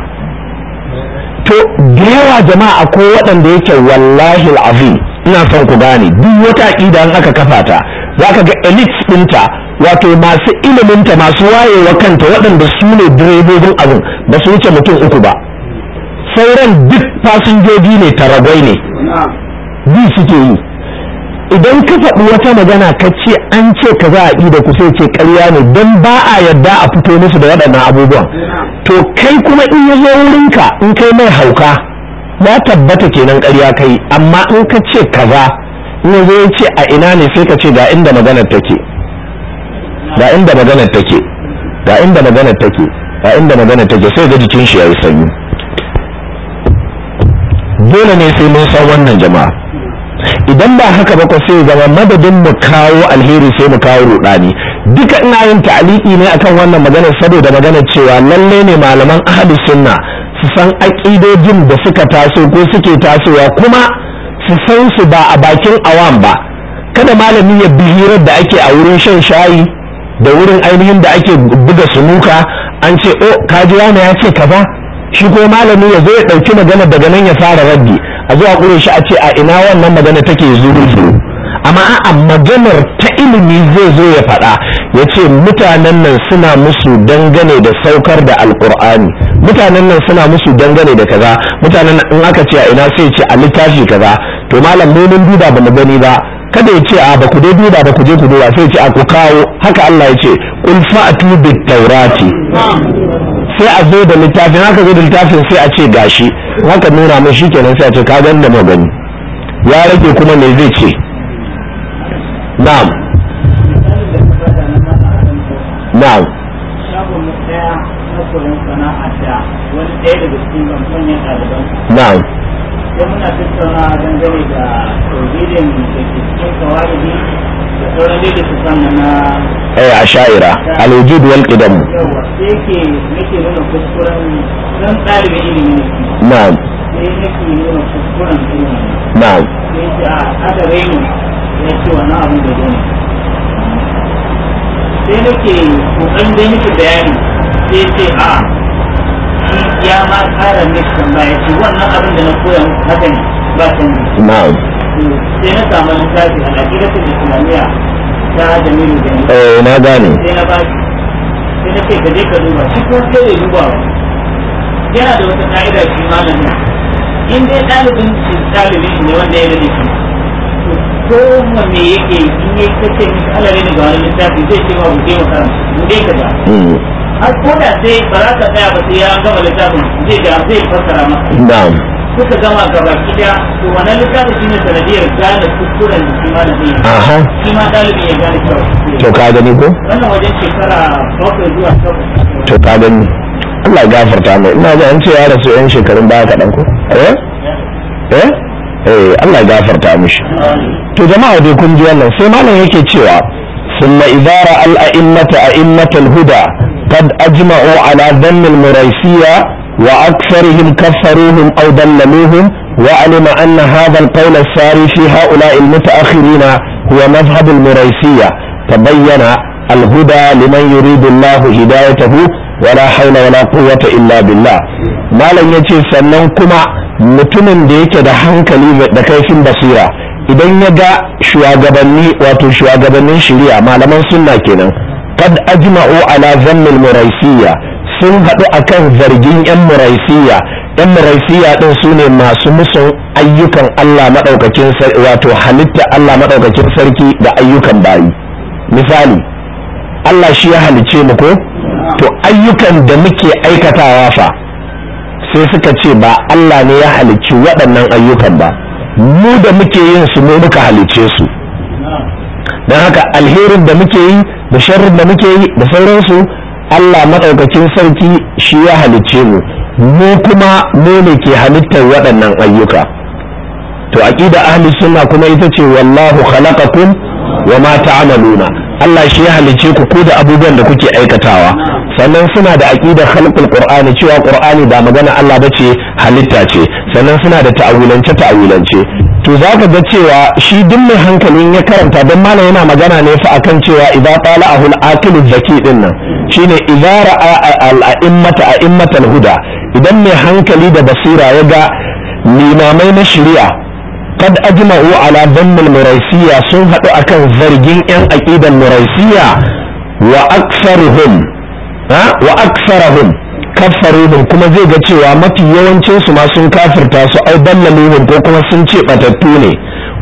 to da yawa jama'a akwai waɗanda yake wallahi al'azim ina son ku gane duk wata aqida an aka kafa ta zaka ga elites dinta. wato masu iliminta masu wayewa kanta waɗanda su ne direbobin abin ba su wuce mutum uku ba sauran duk fasinjoji ne taragwai ne bi suke yi idan ka faɗi wata magana ka ce an ce ka za a yi da kusa ce karya ne don ba a yadda a fito musu da waɗannan abubuwan to kai kuma in ya zo wurinka in kai mai hauka ya tabbata kenan karya kai amma in ka ce kaza in ya zo ya ce a ina ne sai ka ce ga inda maganar take da inda maganar take da inda maganar take da inda maganar take sai ga jikin shi yayi sanyi dole ne sai mun san wannan jama'a idan ba haka ba ko sai zama madadin mu kawo alheri sai mu kawo rudani duka ina yin ta'aliki ne akan wannan magana saboda magana cewa lalle ne malaman ahli sunna su san aƙidojin da suka taso ko suke tasowa kuma su san su ba a bakin awam ba kada malami ya bi hirar da ake a wurin shan shayi da wurin ainihin da ake buga sunuka an ce o oh, kaji wani ya ce kaza shi ko malami ya zo ya ɗauki magana daga nan ya fara raddi a zuwa ƙure shi a ce a ina wannan magana take zuru amma a'a maganar ta ilimi zai zo ya faɗa ya ce mutanen nan suna musu dangane da saukar da alkur'ani mutanen nan suna musu dangane da kaza mutanen in aka ce a ina sai ce a littafi kaza to malam mun duba ba mu gani ba kada ya ce a ba ku dai duba ba ku je ku duba sai ya ce a ku kawo haka Allah ya ce kul fa'tu bit taurati sai a zo da littafin haka zo da littafin sai a ce gashi haka nuna mai shikenan sai a ce ka gan da magani ya rage kuma me zai ce na'am na'am na'am da muna tattauna dangane da tauhidin da ke cikin kawai da sauran da su sanna na eh ashaira alwujud wal qidam sai yake nake nuna kuskuren dan ɗalibin ilimi na'am sai nake nuna kuskuren ilimi na'am sai ce a aka raini ya ce wannan abin da gani sai nake kokarin da nake bayani sai ce a ya ma kara mai wannan abin da na koya haka ne ba ta na samu littafi a aqidatul islamiyya ta jamilu jamilu eh na gane sai na ba sai na ce ka je ka duba shi ko sai ya duba yana da wata ka'ida shi malamin in dai ɗalibin ɗalibi ne wanda ya rage shi yake in yi kace mishi ne ga wani littafi zai ce ma buɗe ka har ko da sai ba za ka tsaya ba sai ya gama littafin zai ga zai fassara maka na'am kuka gama gaba kida to wannan littafin shine sanadiyar gane kuskuren da shi malam zai aha shi ma dalibin ya gane kyau to ka gani ko wannan wajen shekara bakwai zuwa takwas to ka gani Allah ya gafarta mai ina ga an ce ya rasu yan shekarun baya kaɗan ko eh eh eh Allah ya gafarta mishi to jama'a dai kun ji wannan sai malam yake cewa ثم إذا رأى الأئمة أئمة الهدى قد أجمعوا على ذم المريسية وأكثرهم كفروهم أو ضللوهم وعلم أن هذا القول الساري في هؤلاء المتأخرين هو مذهب المريسية تبين الهدى لمن يريد الله هدايته ولا حول ولا قوة إلا بالله ما لن يجي سننكما mutumin da yake da hankali da kaifin basira idan ya ga shugabanni wato shugabannin shari'a malaman sunna kenan قد ajma'u على ذم muraisiya sun haɗu a kan zargin yan muraisiya yan muraisiya ɗin su ne masu musun ayyukan Allah madaukakin sarki wato halitta Allah madaukakin sarki da ayyukan bayi misali Allah shi ya halice mu ko to ayyukan da muke aikatawa fa sai suka ce ba Allah ne ya halicci waɗannan ayyukan ba mu da muke yin su mu muka halice su don haka alherin da muke yi da sharrin da muke yi da sauransu Allah maɗaukacin sarki shi ya halicce mu mu kuma mu ne ke halittar waɗannan ayyuka to aqida ahli sunna kuma ita ce wallahu khalaqakum wa ma ta'maluna Allah shi ya halicce ku ko da abubuwan da kuke aikatawa sannan suna da da khalqul qur'ani cewa ƙur'ani ba magana Allah bace halitta ce sannan suna da ta'awulance ta'awulance to za ka ga cewa shi duk mai hankalin ya karanta don mana yana magana ne fa akan cewa idza qala ahul aqil zaki din nan shine idza ra'a al a'immata a'immatal huda idan mai hankali da basira ya ga limamai na shari'a kad ajma'u ala dhammil muraisiya sun hadu akan zargin yan aqidan muraisiya wa aktsaruhum wa kaffaruhum kuma zai ga cewa mafi yawancin su ma sun kafirta su ai dallaluhum ko kuma sun ce batattu ne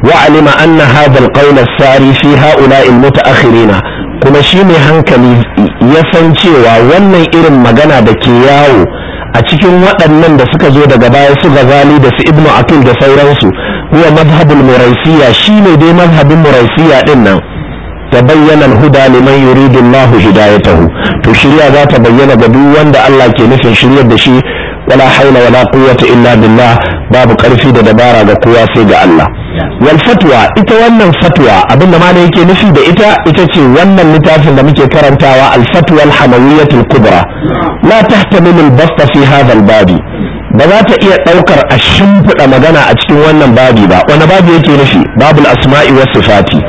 wa alima anna hadha alqawl as-sari fi ha'ula'i al-muta'akhirina kuma shi mai hankali ya san cewa wannan irin magana da ke yawo a cikin waɗannan da suka zo daga baya su gazali da su ibnu atul da sauransu huwa madhhabul muraisiya shine dai madhhabin muraisiya din nan tabayyana huda liman yuridu ya hidayatahu to shirya za ta bayyana ga duk wanda Allah ke nufin shiryar da shi wala haina wala quwwata illa billah babu karfi da dabara ga kowa sai ga Allah wal fatwa ita wannan fatwa abinda ma yake nufi da ita ita ce wannan littafin da muke karantawa al fatwa al hamawiyyah al kubra la tahtamil al fi hadha babi ba za ta iya ɗaukar a shimfiɗa magana a cikin wannan babi ba wani babi yake nufi babul asma'i was sifati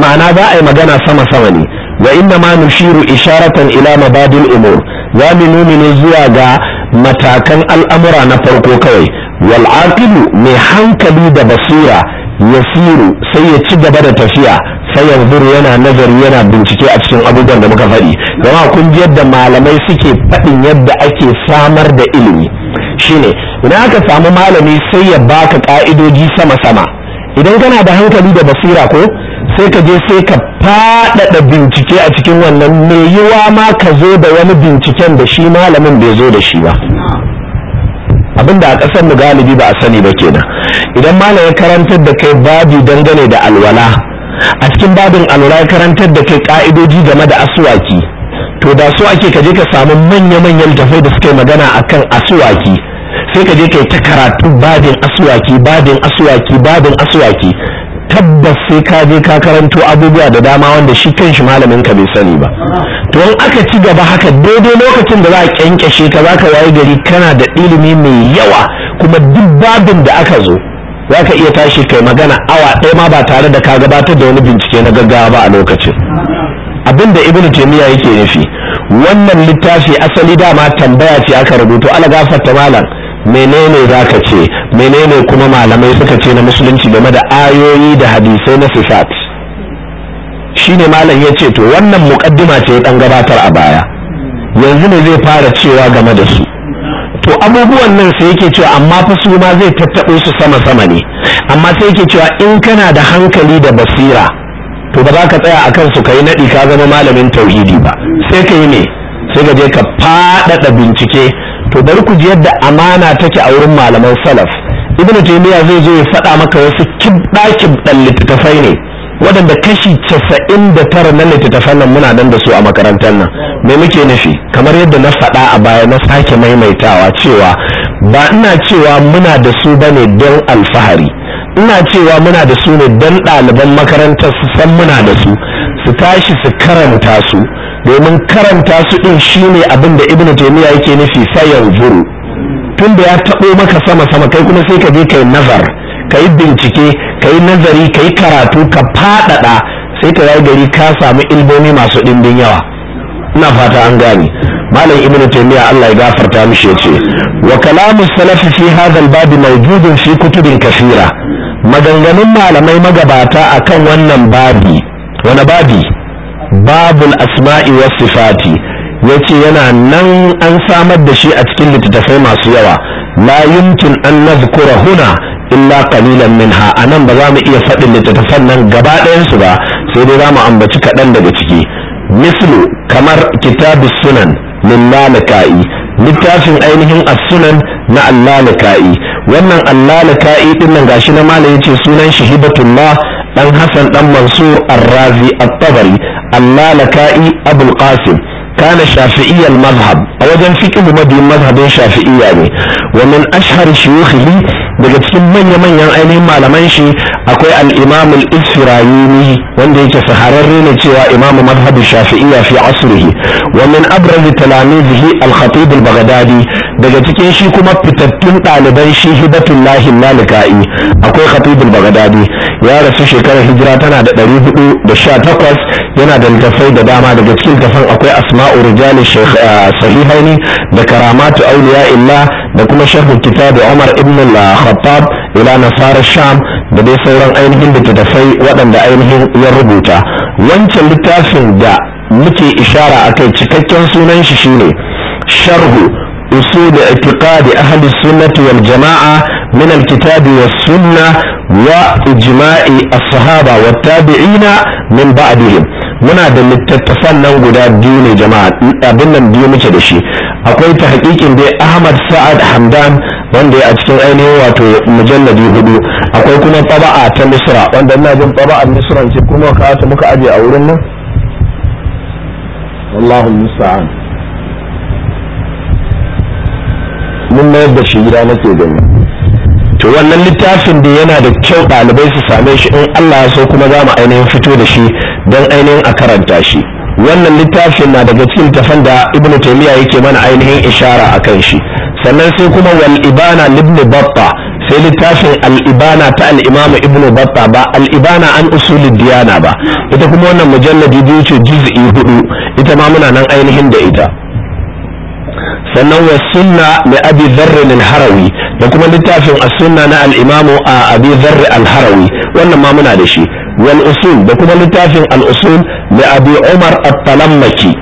ma'ana za a yi magana sama sama ne wa inna ma nushiru isharatan ila mabadil umur za mu nuni ne zuwa ga matakan al'amura na farko kawai wal aqilu mai hankali da basira yasiru sai ya ci gaba da tafiya sai yanzuru yana nazari yana bincike a cikin abubuwan da muka faɗi gama kun ji yadda malamai suke faɗin yadda ake samar da ilimi shine idan aka samu malami sai ya baka ka'idoji sama sama idan kana da hankali da basira ko sai ka je sai ka faɗaɗa bincike a cikin wannan mai yiwa ma ka zo da wani binciken da shi malamin bai zo da shi ba abinda a ƙasar mu galibi ba a sani ba kenan idan malam ya karantar da kai babi dangane da alwala a cikin babin alwala ya karantar da kai ka'idoji game da asuwaki to da so ake ka je ka samu manya-manyan tafai da suka yi magana akan asuwaki sai ka je ka yi ta karatu babin asuwaki babin asuwaki babin asuwaki tabbas sai ka je ka karanto abubuwa da dama wanda shi kan shi malamin ka bai sani ba to in aka ci gaba haka daidai lokacin da za a kyankyashe ka za ka wayi gari kana da ilimi mai yawa kuma duk babin da aka zo za ka iya tashi kai magana awa ɗaya ma ba tare da ka gabatar da wani bincike na gaggawa ba a lokacin abin da ibnu taymiya yake nufi wannan littafi asali dama tambaya ce aka rubuto ala gafarta malam menene za ka ce menene kuma malamai suka ce na musulunci game da ayoyi da hadisai na sifat shine malam ya ce to wannan mukaddima ce dan gabatar a baya yanzu ne zai fara cewa game da su to abubuwan nan sai yake cewa amma fa su ma zai tattaɓo su sama sama ne amma sai yake cewa in kana da hankali da basira to ba za ka tsaya a kansu ka yi naɗi ka zama malamin tauhidi ba sai ka yi ne sai ka je ka faɗaɗa bincike to bari ku ji yadda amana take a wurin malaman salaf ibnu taymiya zai zo ya faɗa maka wasu kibda kibdan littattafai ne waɗanda kashi casa'in da tara na littattafan nan muna nan da su a makarantar nan me muke nufi kamar yadda na faɗa a baya na sake maimaitawa cewa ba ina cewa muna da su bane don alfahari ina cewa muna da su ne don ɗaliban makarantar su san muna da su su tashi su karanta su domin karanta su din shine abin da ibnu taymiya yake nufi sayan zuru tunda ya taɓo maka sama sama kai kuma sai ka je kai nazar kai bincike kai nazari kai karatu ka faɗaɗa, sai ka yi gari ka samu ilmomi masu ɗimbin yawa ina fata an gane malam ibnu taymiya Allah ya gafarta mishi yace wa kalamu salafi fi hadha al-bab mawjudun fi kutubin kaseera maganganun malamai magabata akan wannan babi wani babi babul asma'i was sifati yace yana nan an samar da shi a cikin littattafai masu yawa la yumkin an nazkura huna illa qalilan minha nan ba za mu iya faɗin littattafan nan gaba ɗayansu ba sai dai za mu ambaci kaɗan daga ciki mislu kamar kitabu sunan lillahi littafin ainihin as-sunan na allalaka'i wannan allalaka'i din nan gashi na malam ce sunan shi ɗan Hassan ɗan Mansur Ar-Razi At-Tabari Al-Lalaka'i Abul Qasim كان شافعي المذهب أولا فكه مدي مذهب شافعي يعني ومن أشهر شيوخه daga cikin manya-manyan ainihin malaman shi akwai al'imam al'isfirayini wanda yake shahararre ne cewa imam mazhabin shafi'iyya fi asrihi wa min abrazi talamizihi al-khatib al daga cikin shi kuma fitattun ɗaliban shi hibatullahi malika'i akwai khatibul bagadadi ya rasu shekarar hijira tana da sha takwas yana da littattafai da dama daga cikin tafan akwai asma'u rijali ah, sahihaini da karamatu auliya illa da kuma sharhu kitabu umar ibn al-khattab ila nasara sham da dai sauran ainihin littattafai waɗanda ainihin ya rubuta wancan littafin da muke ishara a kai cikakken sunan shi shine sharhu usul i'tiqad ahli sunnah wal jamaa min al kitab was sunnah wa ijma'i as-sahaba wat tabi'ina min ba'dihim muna da littattafan nan guda biyu ne jama'a abin nan biyu muke da shi akwai ta hakikin dai ahmad sa'ad hamdan wanda ya a cikin ainihin wato mujalladi hudu akwai kuma taba'a ta misra wanda ina jin taba'a misra ce kuma ka ta muka aje a wurin nan والله المستعان mun mayar da shi gida nake gani to wannan littafin da yana da kyau ɗalibai su same shi in Allah ya so kuma za mu ainihin fito da shi don ainihin a karanta shi wannan littafin na daga cikin tafan da ibnu taymiya yake mana ainihin ishara akan shi sannan sai kuma wal ibana ibn batta sai littafin al'ibana ta al'imamu ibnu batta ba al'ibana an usulid diyana ba ita kuma wannan mujalladi biyu ce juz'i hudu ita ma muna nan ainihin da ita sannan wa sunna li abi dharr al-harawi da kuma littafin a sunna na al'imamu a abi dharr al-harawi wannan ma muna da shi wal usul da kuma littafin al-usul abi umar at-talammaki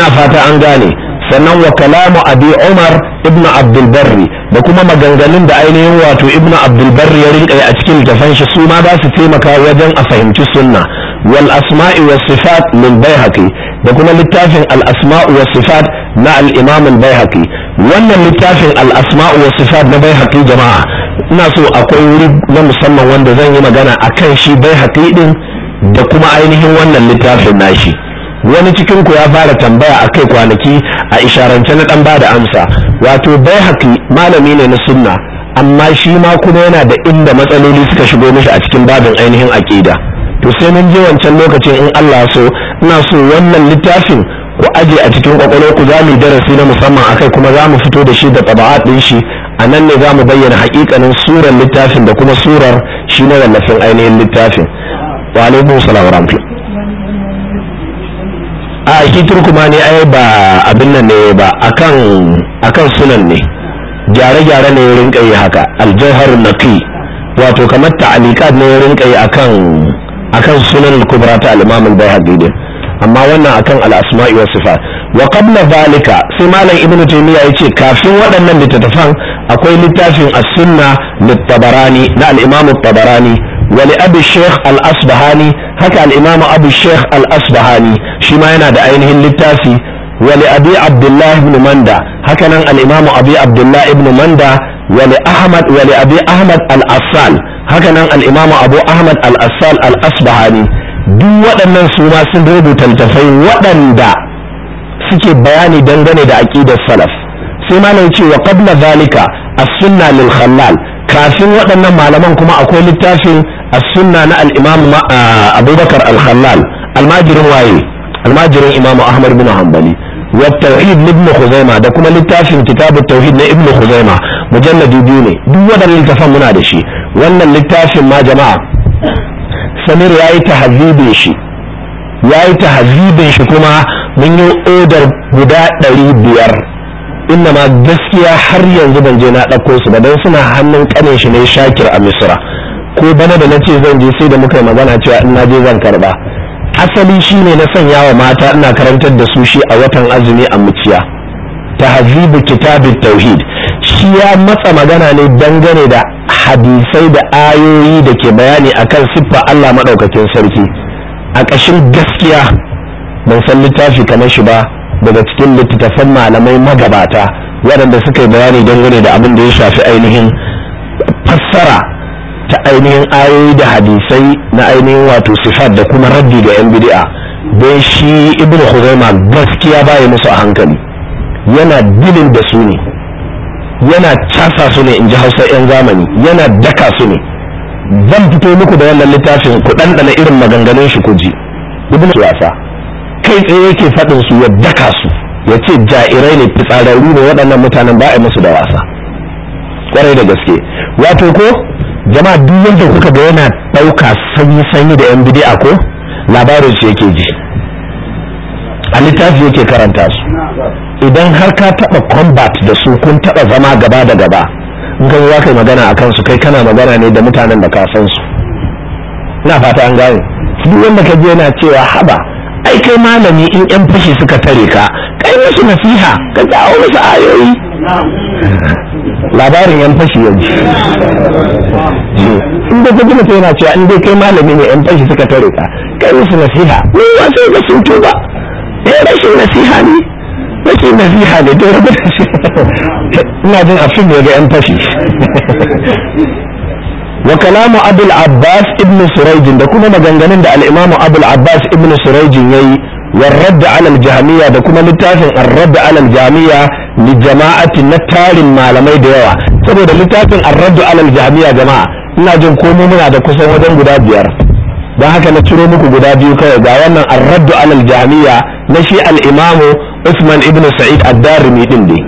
na fata an gane sannan wa kalamu abi umar ibnu abdulbarri da kuma maganganun da ainihin wato ibnu abdulbarri ya rinka a cikin littafan shi su ma za su taimaka wajen a fahimci sunna wal asma'i was sifat min baihaqi da kuma littafin al asma'u was sifat na al imam al baihaqi wannan littafin al asma'u was sifat na baihaqi jama'a ina so akwai wuri na musamman wanda zan yi magana akan shi baihaqi din da kuma ainihin wannan littafin nashi wani cikin ku ya fara tambaya a kai kwanaki a isharance na dan bada amsa wato bai haƙi malami ne na sunna amma shi ma kuma yana da inda matsaloli suka shigo mishi a cikin babin ainihin aƙida to sai mun je wancan lokacin in Allah so ina so wannan littafin ku aje a cikin kwakwalwar ku za mu darasi na musamman akai kuma za mu fito da shi da tabaa din shi a nan ne za mu bayyana hakikanin surar littafin da kuma surar shi na wallafin ainihin littafin wa alaikum wa rahmatullahi a shi turkuma ne ai ba abin nan ne ba akan akan sunan ne gyare-gyare ne wurin kai haka aljauhar naqi wato kamar ta'alikat ne wurin kai akan akan sunan kubra ta al-imam al-bayhaqi din amma wannan akan al-asma'i wa sifat wa qabla zalika sai malam ibn taymiya yace kafin waɗannan littattafan akwai littafin as-sunna lit-tabarani na al-imam at-tabarani wali abu sheikh al-asbahani haka al-imam abu sheikh al-asbahani shi yana da ainihin littafi wali abi abdullahi ibn manda haka nan al-imam abi manda wali ahmad wali ahmad al-assal haka imam abu ahmad al-assal al-asbahani duk waɗannan su ma sun rubuta littafai waɗanda suke bayani dangane da aqidar salaf sai malam ce wa qabla zalika a sunna lil kafin waɗannan malaman kuma akwai littafin as-sunna na al-imam abubakar al-khallal almajirin waye almajirin imam ahmad bin hanbali wa tauhid ibn khuzaima da kuma littafin kitabu tauhid na ibn khuzaima mujalladi biyu ne duk wadannan littafan muna da shi wannan littafin ma jama'a samir yayi tahzibin shi yayi tahzibin shi kuma mun yi odar guda ɗari biyar inna ma gaskiya har yanzu ban je na ɗauko su ba don suna hannun kanin shi ne shakir a misra ko bana da na ce zan je sai da muka yi magana cewa in na je zan karba asali shine na sanya wa mata ina karantar da su shi a watan azumi a muciya tahzibu kitabit tauhid shi ya matsa magana ne dangane da hadisai da ayoyi da ke bayani akan siffa Allah madaukakin sarki a ƙashin gaskiya ban san littafi kamar shi ba daga cikin littattafan malamai magabata waɗanda suka yi bayani dangane da abin da ya shafi ainihin fassara ta ainihin ayoyi da hadisai na ainihin wato sifat da kuma raddi da yan bid'a don shi ibn khuzaima gaskiya baya musu a hankali yana dilin da su ne yana casa su ne in ji hausa yan zamani yana daka su ne zan fito muku da wannan littafin ku ɗanɗana irin maganganun shi ku ji ibn wasa kai tsaye yake faɗin su ya daka su ya ce jairai ne fitsararru ne waɗannan mutanen ba a musu da wasa kwarai da gaske wato ko jama'a duk wanda kuka ga yana ɗauka sanyi-sanyi da yan a ko labarin su yake ji a littafi yake karanta su idan har ka taba combat da su kun taɓa zama gaba da gaba in ka za ka yi magana a kansu kai kana magana ne da mutanen da ka san su ina fata an gane duk wanda ka je yana cewa haba ai kai malami in yan fashi suka tare ka kai musu nasiha ka dawo musu ayoyi labarin yan fashi ya ji in da kuma ta yana cewa in dai kai malami ne yan fashi suka tare ka kai musu nasiha ni ba sai ga sun tuba eh rashin nasiha ne rashin nasiha ne dole ba da shi ina jin a fim ga yan fashi wa kalamu abul abbas ibn surajin da kuma maganganun da al-imamu abul abbas ibn surajin yayi alal على da kuma littafin لتافن الرد alal الجهمية li jama'ati na tarin malamai da yawa saboda littafin arraddu alal jami'a jama'a ina jin komo muna da kusan wajen guda biyar don haka na ciro muku guda biyu kawai ga wannan arraddu alal jami'a na shi al usman ibn sa'id ad-darimi din dai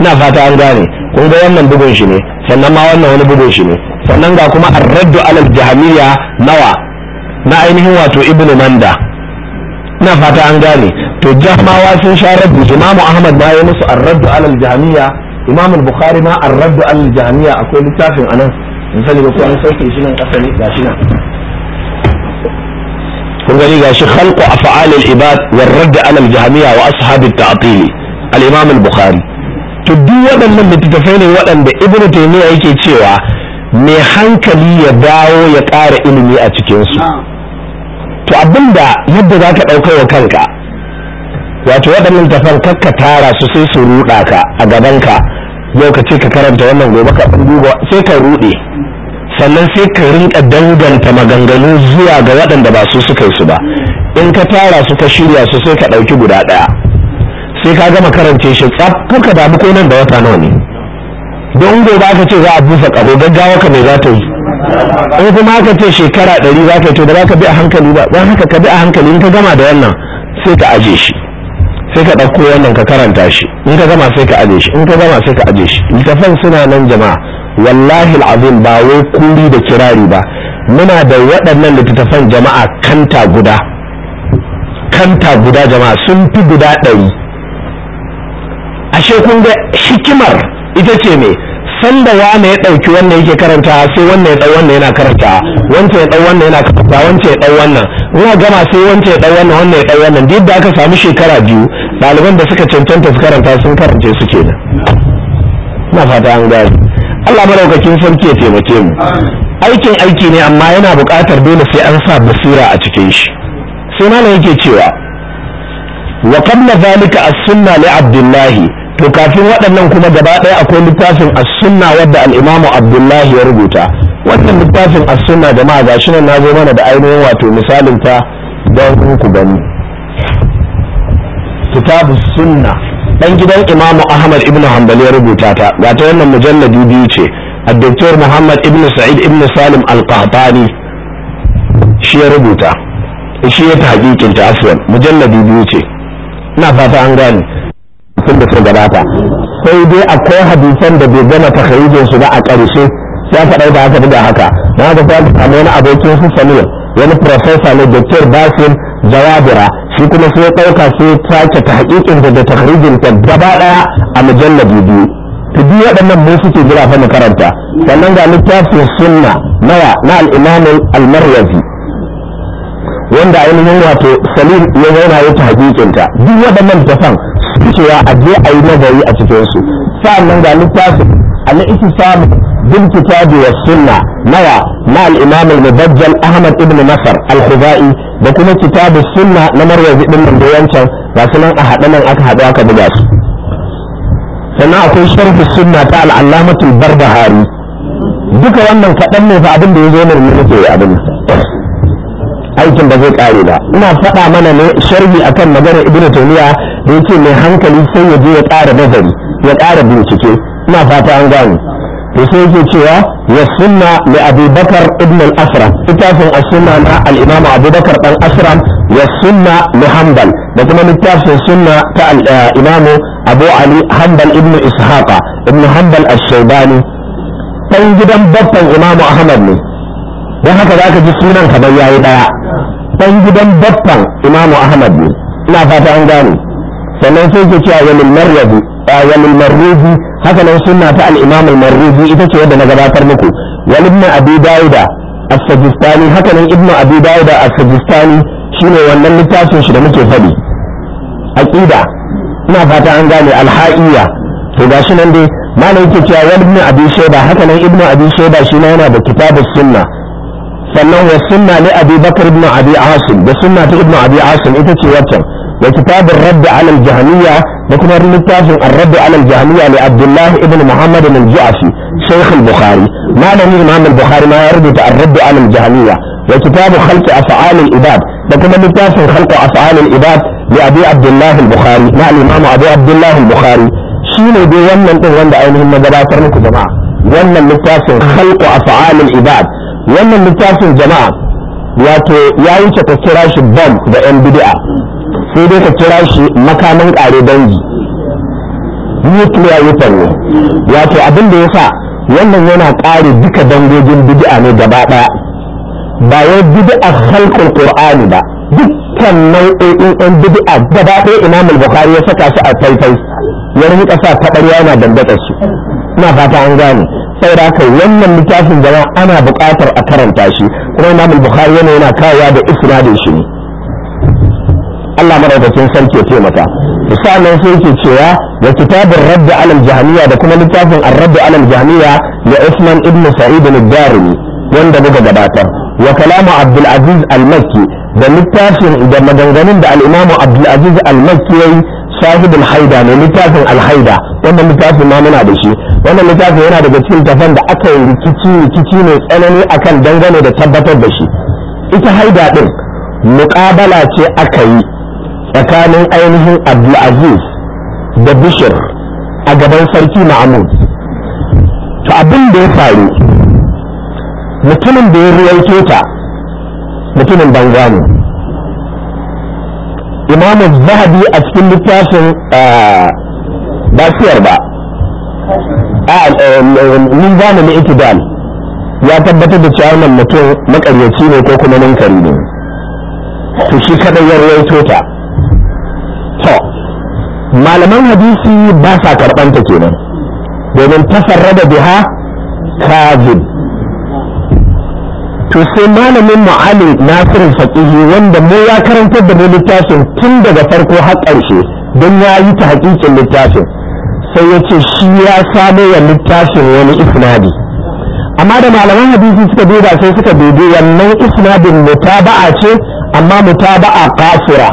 ina fata an gane kun ga wannan bugun shi ne sannan ma wannan wani bugun shi ne sannan ga kuma arraddu alal jami'a nawa na ainihin wato ibn manda ina fata an gane to jahmawa sun sha raddu imamu ahmad ma ya musu ar-raddu alal jahmiya imamu bukhari ma ar-raddu alal jahmiya akwai littafin anan in sani ba ko an sauke shi nan kasa ne shi nan kun gani shi khalqu af'al al-ibad wa radd ala al wa ashab at-ta'til al-imam al-bukhari to duk waɗannan littattafai ne waɗanda ibnu taymiya yake cewa mai hankali ya dawo ya ƙara ilimi a cikinsu to abinda yadda za ka ɗaukar wa kanka wato waɗannan tafan kakka tara su sai su ruɗa ka a gaban ka yau ka ce ka karanta wannan gobe ka duba sai ka ruɗe sannan sai ka rinka danganta maganganu zuwa ga waɗanda ba su suka su ba in ka tara su ka shirya su sai ka ɗauki guda ɗaya sai ka gama karance shi tsaf kuka damu ko nan da wata nawa ne don gobe aka ce za a busa ƙaho gaggawa ka me za ta yi in kuma aka ce shekara ɗari za ka yi to da za ka bi a hankali ba don haka ka bi a hankali in ka gama da wannan sai ka aje shi sai ka ɗauko wannan ka karanta shi in ka gama sai ka aje shi in ka gama sai ka aje shi littafan suna nan jama'a wallahi al'azim ba wai kuri da kirari ba muna da waɗannan littattafan jama'a kanta guda kanta guda jama'a sun fi guda ɗari ashe kun ga hikimar ita ce me. sanda wane ya ɗauki wannan yake karanta sai wannan ya ɗau wannan yana karanta wancan ya ɗau wannan yana karanta wancan ya ɗau wannan ina gama sai wancan ya ɗau wannan wannan ya ɗau wannan duk da aka samu shekara biyu ɗaliban da suka cancanta su karanta sun karance su da. na fata an gani Allah madaukakin sarki ya taimake mu aikin aiki ne amma yana buƙatar dole sai an sa basira a cikin shi sai mana yake cewa wa qabla zalika as-sunna li abdullahi to kafin waɗannan kuma gaba ɗaya akwai littafin as-sunna wadda al'imamu abdullahi ya rubuta wannan littafin as-sunna jama'a gashi nan nazo mana da ainihin wato misalin ta don ku gani kitabu sunna ɗan gidan imamu ahmad ibn hanbal ya rubuta ta ga wannan ce الدكتور محمد ابن سعيد ابن سالم القحطاني shi ya rubuta shi ya tahqiqin ta aswan mujalladi biyu ce ina fata an gane sun da sun gabata sai dai akwai hadisan da bai gama takharijin ba a ƙarshe ya da haka buga haka na ga ta samu wani abokin su Samuel wani professor ne Dr. Basim Jawabira shi kuma sai ɗauka sai sake ta haƙiƙin da takarijin ta gaba ɗaya a mujallabi biyu to duk waɗannan mu suke jira fa mu karanta sannan ga littafin sunna nawa na al-imam al-marwazi wanda ainihin wato salim ya zauna ya ta haƙiƙin ta duk waɗannan tafan cewa a je a yi nazari a cikin su sannan ga littafin al-ihtisam bil kitabi was sunna nawa na al-imam al-mubajjal ahmad ibn nasar al-khuzai da kuma kitabu sunna na marwazi din nan da yancan ga su nan a haɗe nan aka hada aka buga su sannan akwai sharhu sunna ta al'allamatul barbahari duka wannan kaɗan ne fa abin da ya zo murmi nake abin aikin da zai kare ba ina faɗa mana ne sharhi akan magana ibnu taymiya da yake mai hankali sai ya je ya ƙara nazari ya ƙara bincike ina fata an gane sai yake cewa ya sunna li abubakar ibn al-asram littafin sunna na al-imam abubakar dan asram ya sunna li hanbal da kuma littafin sunna ta al-imam eh, abu ali hanbal ibn ishaqa ibn hanbal ash-shaybani dan gidan babban imam ahmad ne dan haka zaka ji sunan kamar yayi daya dan gidan babban imam ahmad ne ina fata an gane sannan sai yake cewa ya lil maryabi wal marruzi haka nan sunna ta al-imam al-marruzi ita ce wadda na gabatar muku Wani ibn abi dauda as-sajistani haka nan ibn abi dauda as-sajistani shine wannan littafin shi da muke faɗi aqida ina fata an gane al-ha'iyya to gashi nan dai malam yake cewa wal ibn abi shayba haka nan ibn abi shayba shi yana da kitabus sunna sannan wa sunna li abi bakr ibn abi asim da sunna ta ibn abi asim ita ce waccan wa kitabur radd ala al-jahmiyya da kuma littafin arrabi alal jami'a ne abdullahi ibn muhammad al-ja'ashi shaykh al-bukhari malami imam al-bukhari ma ya rubuta arrabi alal jami'a wa kitabu khalqi af'al ibad da kuma littafin khalqi af'al ibad li abi abdullah al-bukhari na al abu abdullah al-bukhari shine dai wannan din wanda ainihin na gabatar muku jama'a wannan littafin khalqi af'al ibad wannan littafin jama'a wato ya wuce ta kira shi bomb da yan bid'a sai dai ka kira shi makamin ƙare dangi nuclear weapon ne wato abin da ya sa wannan yana ƙare duka dangogin bid'a ne gaba ɗaya ba wai bid'a halkul qur'ani ba dukkan nau'o'in ɗan bid'a gaba ɗaya imam bukhari ya saka shi a faifai ya rinka sa taɓarya yana dangata su ina fata an gane saboda haka wannan littafin jama'a ana buƙatar a karanta shi kuma imam bukhari yana yana kawowa da isnadin shi ne Allah madaukakin sarki ya taimaka misalin sai yake cewa da kitabun radd alal jahmiya da kuma littafin ar-radd alal jahmiya na Usman ibn Sa'id al-Darimi wanda muka gabatar wa kalamu Abdul Aziz al-Makki da littafin da maganganun da al-Imam Abdul Aziz al-Makki yayi sahib al-haida ne littafin al-haida wannan littafin ma muna da shi wannan littafin yana daga cikin tafan da aka yi rikici rikici mai tsanani akan dangane da tabbatar da shi ita haida din muqabala ce aka yi tsakanin ainihin abdulaziz da bishir a gaban sarki ma'amud to abin da ya faru mutumin da ya ruwaito ta mutumin banza imamu zahabi a cikin littafin eh, ba siyar ba eh, min zana na itidal ya tabbatar da cewa wannan mutum makaryaci ne ko kuma ninkari ne to shi kadai ya ruwaito ta to malaman hadisi ba sa karɓanta kenan domin tafarrada biha kazib to sai malamin mu'allim nasirin faqihi wanda mu ya karantar da mu littafin tun daga farko har ƙarshe don ya yi ta hakikin littafin sai ya ce shi ya samo wa littafin wani isnadi amma da malaman hadisi suka duba sai suka dubi wannan isnadin mutaba'a ce amma mutaba'a kafira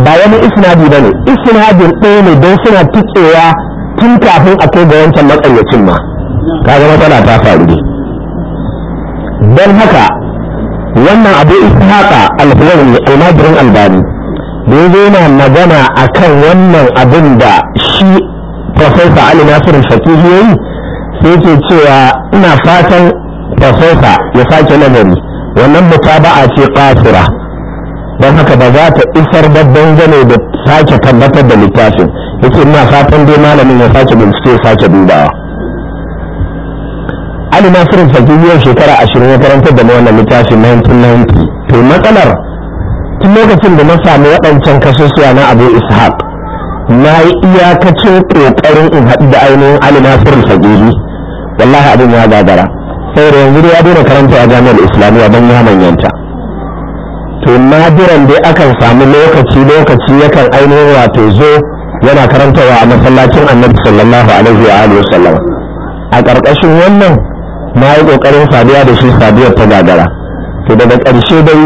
ba wani isnadi bane isnadin ɗaya ne don suna tutsewa tun kafin a kai ga wancan matsayacin ma kaga matsala ta faru ne don haka wannan abu ishaƙa al-huwawi albani da yazo yana magana kan wannan abin da shi profesa Ali Nasir Fakihi yayi sai ke cewa ina fatan profesa ya sake nazari wannan a ce kasura don haka ba za ta isar da dangane da sake tabbatar da littafin yake ina fatan dai malamin ya sake bincike sake dubawa ali nasirin biyan shekara ashirin ya karantar da wannan littafin 1990 to matsalar tun lokacin da na sami waɗancan kasusuwa na abu ishaq na yi iyakacin ƙoƙarin in haɗu da ainihin ali nasirin fakiri wallahi abin ya gagara da yanzu ya dora karanta a jami'ar islamiyya don ya manyanta to nadiran dai akan samu lokaci lokaci yakan ainihin wato zo yana karantawa a masallacin annabi sallallahu alaihi wa alihi wasallam a ƙarƙashin wannan na yi ƙoƙarin Sadiya da shi Sadiya ta gagara to daga ƙarshe dai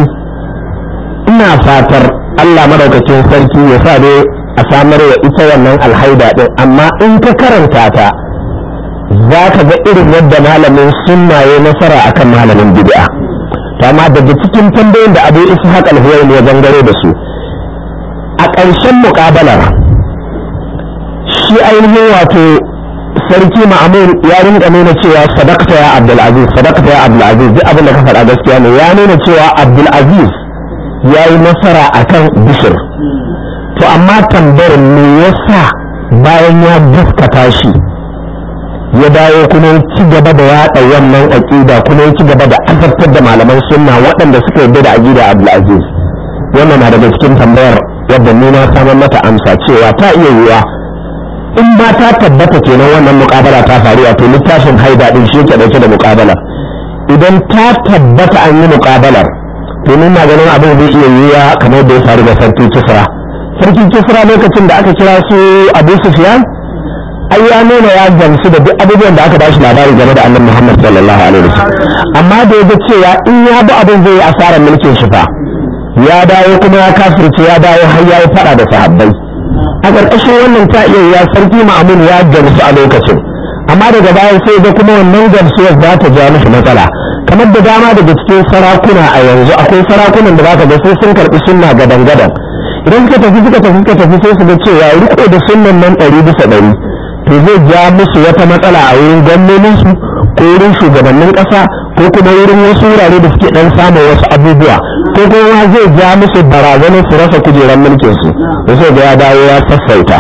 ina fatar Allah madaukakin sarki ya sa dai a samar da ita wannan alhaida din amma in ka karanta ta za ka ga irin yadda malamin sunna ya nasara akan malamin bid'a amma daga cikin tambayin da abu ishaq al-huwaini ya zangare da su a ƙarshen muƙabalar shi ainihin wato sarki ma'amun ya rinka nuna cewa sadakta ya abdulaziz sadakta ya abdulaziz duk abin da ka faɗa gaskiya ne ya nuna cewa abdulaziz ya yi nasara kan bishir to amma tambayar me yasa bayan ya gaskata shi ya dawo kuma ya ci gaba da yada wannan aƙida kuma ya ci gaba da azabtar da malaman sunna waɗanda suka yarda da aƙida Abdulaziz wannan na daga cikin tambayar yadda ni na samar mata amsa cewa ta iya yiwa in ba ta tabbata kenan wannan muqabala ta faru to littafin haida din shi yake da muqabala idan ta tabbata an yi muƙabalar to ni na ganin abin zai iya yiwa kamar da ya faru da sarki Kisra sarki Kisra lokacin da aka kira su Abu Sufyan ai ya nuna ya gamsu da duk abubuwan da aka bashi labari game da annabi Muhammad sallallahu alaihi wasallam amma da yaga cewa in ya bi abin zai yi asarar mulkin shi fa ya dawo kuma ya kafirce ya dawo har ya yi fada da sahabbai a ƙarƙashin wannan ta iya ya sarki ma'amun ya gamsu a lokacin amma daga baya sai ga kuma wannan gamsuwar za ta ja mishi matsala kamar da dama daga cikin sarakuna a yanzu akwai sarakunan da zaka ga sai sun karɓi sunna gadan gadan idan suka tafi suka tafi suka tafi sai su ga cewa riko da sunnan nan ɗari bisa ɗari to zai ja musu wata matsala a wurin gwamnoninsu ko wurin shugabannin ƙasa ko kuma wurin wasu wurare da suke ɗan samun wasu abubuwa ko kuma zai ja musu barazanar su rasa kujerar mulkinsu da sai ga ya dawo ya sassauta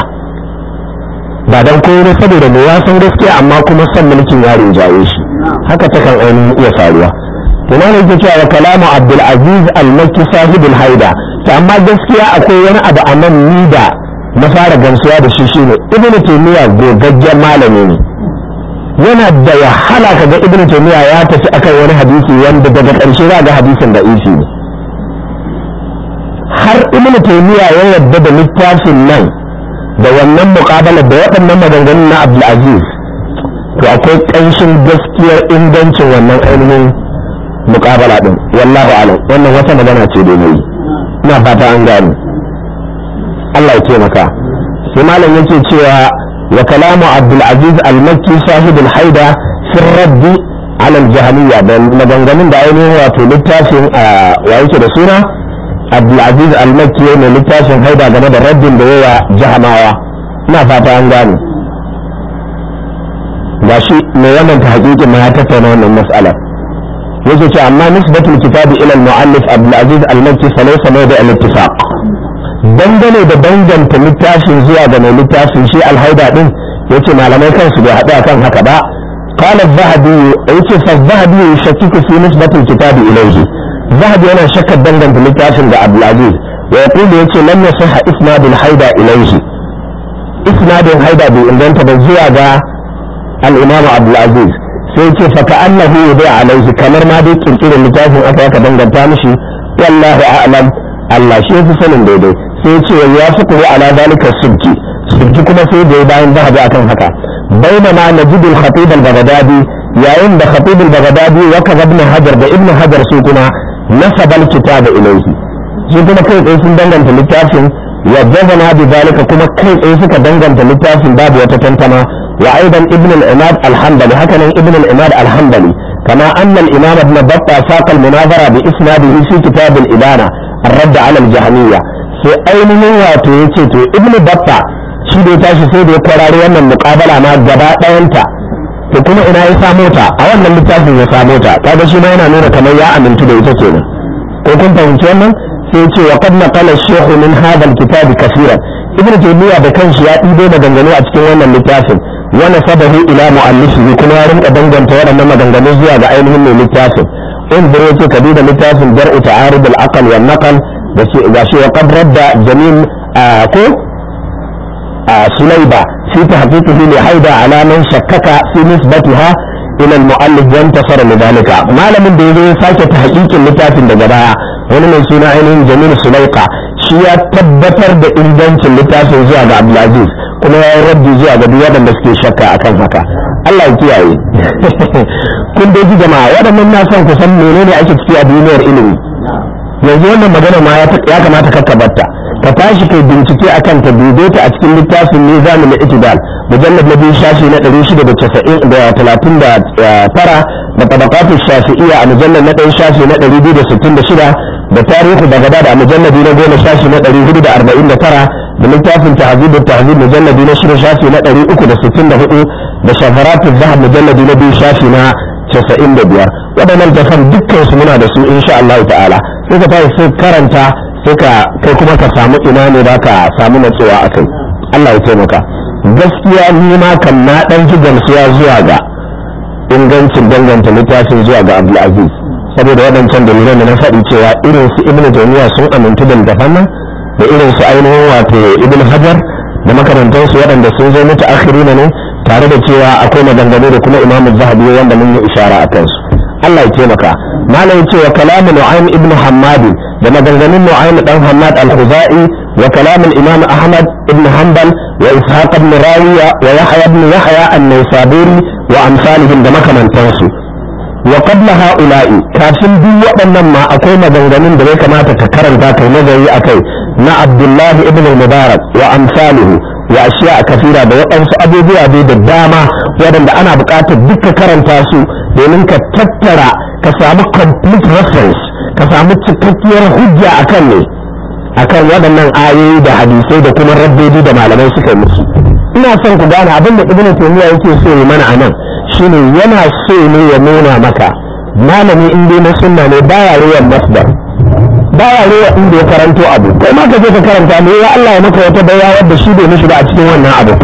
ba dan koyi ba saboda mu ya san gaskiya amma kuma san mulkin ya rinjaye shi haka ta kan ainihin iya faruwa ina ne yake cewa kalamu abdul aziz al-makki sahibul haida to amma gaskiya akwai wani abu a nan ni da na fara gamsuwa da shi shine ibn taymiya gogaggen malami ne yana da wahala ga ibn taymiya ya tafi akan wani hadisi wanda daga ƙarshe za ga hadisin da isi ne har ibn taymiya ya yarda da littafin nan da wannan muqabala da waɗannan maganganun na aziz to akwai ƙanshin gaskiyar ingancin wannan ainihin muqabala din wallahu alam wannan wata magana ce da yi ina fata an gano Allah ya maka sai malam yake cewa wa kalamu abdul aziz al makki sahibul haida fi raddi ala al jahmiya da maganganun da ainihin wato littafin wa yake da suna abdul aziz al makki ne littafin haida game da raddin da yawa jahmawa ina fata an gane gashi mai yaman ta hakikin ma ya tattauna wannan mas'alar yake ce amma nisbatul kitabi ila al muallif abdul aziz al makki fa laysa mawdi al ittifaq dangane da danganta littafin zuwa ga mai littafin shi alhaida din yace malamai kansu bai haɗu kan haka ba قال الذهبي yace fa zahabi yashakku fi nisbati alkitabi ilayhi zahabi yana shakkar danganta littafin ga abdul aziz wa yaqulu yace lam yasah isnadul haida ilayhi isnadin haida bai inganta ba zuwa ga al-imam abdul aziz sai yace fa ka'annahu yudi alayhi kamar ma dai kirkirin littafin aka aka danganta mishi wallahu a'lam Allah shi yafi sanin daidai sai ya ce ya fi kuri ala zalika sujji sujji kuma sai da bayan zahabi akan haka baina ma najidul khatib al-baghdadi yayin da khatib al-baghdadi wa kaza ibn hajar da ibn hajar su kuma nasabal kitaba ilayhi su kuma kai tsaye sun danganta littafin wa jazana bi zalika kuma kai tsaye suka danganta littafin babu wata tantama wa aidan ibn al-imad al-hanbali nan ibn al-imad al-hanbali imamat na الإمام ابن munazara da المناظرة بإسناده في kitabin الإبانة radda alal jahmiya sai ainihin wato yace to ibnu batta shi da ya tashi sai da ya kwarari wannan muqabala ma gaba ɗayanta to ina ya samo ta a wannan littafin ya samo ta kaga shi na yana nuna kamar ya amintu da ita kenan ko kun fahimci wannan sai ya ce wa qad naqala ash-shaykh min hadha al-kitab kaseeran ibnu taymiya da kanshi ya dibe ganganu a cikin wannan littafin wa nasabahu ila mu'allifihi kuma ya rinka danganta waɗannan maganganu zuwa ga ainihin mai littafin in biro ce ka duba littafin dar'u ta'arud al-aqal wa naqal da su ga shi wa qad radda jamil ko sulaiba fi tahqiqihi li haida ala man shakkaka fi nisbatiha ila al-mu'allif wa intasara li dhalika malamin da yazo ya sake tahqiqin littafin daga baya wani mai suna ainihin jamil sulaiqa shi ya tabbatar da ingancin littafin zuwa ga Abdulaziz kuma ya yi rabbi zuwa ga duk waɗanda suke shakka akan haka Allah ya kiyaye kun dai ji jama'a waɗannan na son kusan menene ake ciki a duniyar ilimi yanzu wannan magana ma ya kamata ka tabbata ka tashi kai bincike akan ta dube ta a cikin littafin Nizamul Itidal mujallad na biyu shashi na 690 da da tabaqatu shafi'iyya a mujallar na ɗan shafi na 266 da tarihu bagdad a mujalladi na goma shafi na 449 da littafin tahzibu tahzib mujalladi na shirin shafi na 364 da shafaratu zahab mujalladi na biyu shafi na 95 waɗannan tafan dukkan su muna da su insha Allah ta'ala sai ka tafi sai karanta sai ka kai kuma ka samu ina ne ba ka samu natsuwa akai Allah ya taimaka gaskiya ni ma kan na dan ji gamsuwa zuwa ga ingancin danganta littafin zuwa ga abdulaziz saboda waɗancan dalilan da na faɗi cewa irin su ibnu taymiya sun amintu da littafan da irin su ainihin wato ibnu hajar da makarantarsu waɗanda sun zo mutu akhirina ne tare da cewa akwai maganganu da kuma imamu zahabi wanda mun yi ishara a kansu Allah ya taimaka malai cewa kalamu nu'aym ibnu hammadi da maganganun nu'aym dan hammad al-khuzai وكلام الإمام أحمد بن حنبل وإسحاق بن راوية ويحيى بن يحيى النيسابوري وأمثالهم دمك من تنسو وقبل هؤلاء كافٍ دي وأنما أقوم بغدمين بريك ما تتكرر ذات المزعي أكي نا عبد الله بن المبارك وأمثاله وأشياء كثيرة بوأنس أبو بي أبي دداما ودن أنا بقات دك كرن تاسو domin ka tattara ka samu complete reference ka samu cikakkiyar hujja akan ne akan waɗannan ayoyi da hadisai da kuma rabbobi da malamai suka musu ina son ku gane abin da ibnu taymiya yake so yi mana anan shine yana so ne ya nuna maka malami in dai na sunna ne baya ruwan masdar baya in da ya karanto abu kai ma ka je ka karanta ne ya Allah ya maka wata baya wadda shi bai mishi ba a cikin wannan abu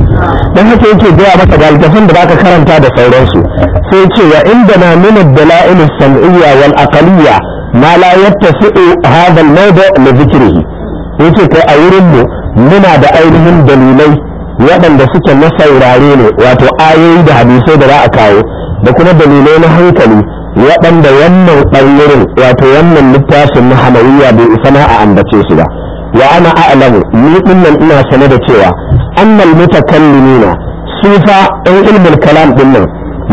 dan haka yake gaya maka ga littafin da baka karanta da sauransu sai ce inda na nuna ad-dala'il samiyya wal aqliyya ma la yattasi'u hadha yake ko a wurinmu mu muna da ainihin dalilai waɗanda suke na saurare ne wato ayoyi da hadisai da za a kawo da kuma dalilai na hankali waɗanda wannan ɓangaren wato wannan littafin na hamawiya bai isa na a ambace su ba wa ana a'lamu ni dinnan ina sane da cewa annal mutakallimina su fa ɗan ilmul kalam dinnan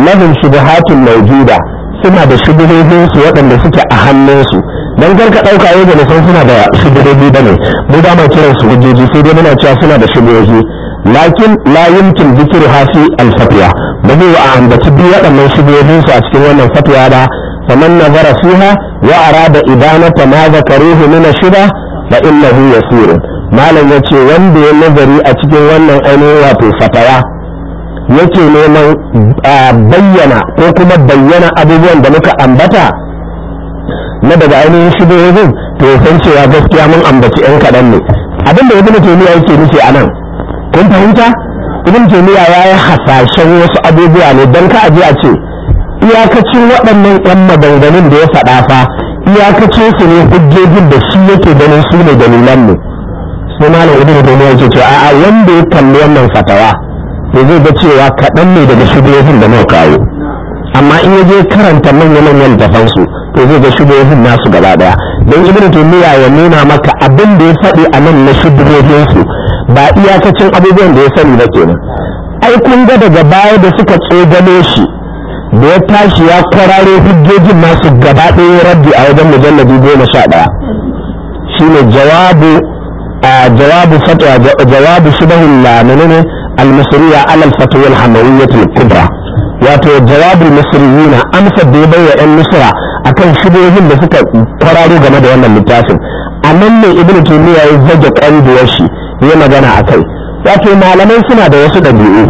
lahum shubuhatun mawjuda suna da shubuhohin su waɗanda suke a hannunsu dan kar ka dauka yau da san suna da shugabanni ne, mu ba ma kiran su hujjoji sai dai muna cewa suna da shugabanni lakin la yumkin dhikru hasi al fatiha ba zai wa ambaci duk waɗannan shugabannin su a cikin wannan fatiha ba faman nazara fiha wa arada idanata ma zakaruhu min ashba fa innahu yasir malam yace wanda ya nazari a cikin wannan ainihin wato fatawa yake neman bayyana ko kuma bayyana abubuwan da muka ambata na daga ainihin shigohin to san cewa gaskiya mun ambaci yan kaɗan ne abin da ibn taymiya yake nufi a nan kun fahimta ibn taymiya ya yi hasashen wasu abubuwa ne don ka aji a ce iyakacin waɗannan yan maganganun da ya faɗa fa iyakacin su ne hujjojin da shi yake ganin su ne dalilan ne sai malam ibn taymiya yake cewa a'a wanda ya kalli wannan fatawa to zai ga cewa kaɗan ne daga yin da muka kawo amma in ya je karanta manyan manyan dafan su to zai ga shubuhohin nasu gaba daya don ibn tumiya ya nuna maka abin da ya faɗi a nan na ba su ba cin abubuwan da ya sani ba kenan ai kun ga daga baya da suka tsogalo shi da ya tashi ya kwararo hujjojin nasu gaba ɗaya rabbi a wajen mujalladi goma sha ɗaya shine jawabu a jawabu fatwa jawabu shubahul la al-masriya al-fatwa al al-kubra wato jawabul misriyina amsar da ya bayyana wa yan misra akan shigohin da suka kwararo game da wannan littafin a nan ne ibn tumiya ya zage kwandiyar shi ya magana a akai wato malamai suna da wasu ɗabi'u,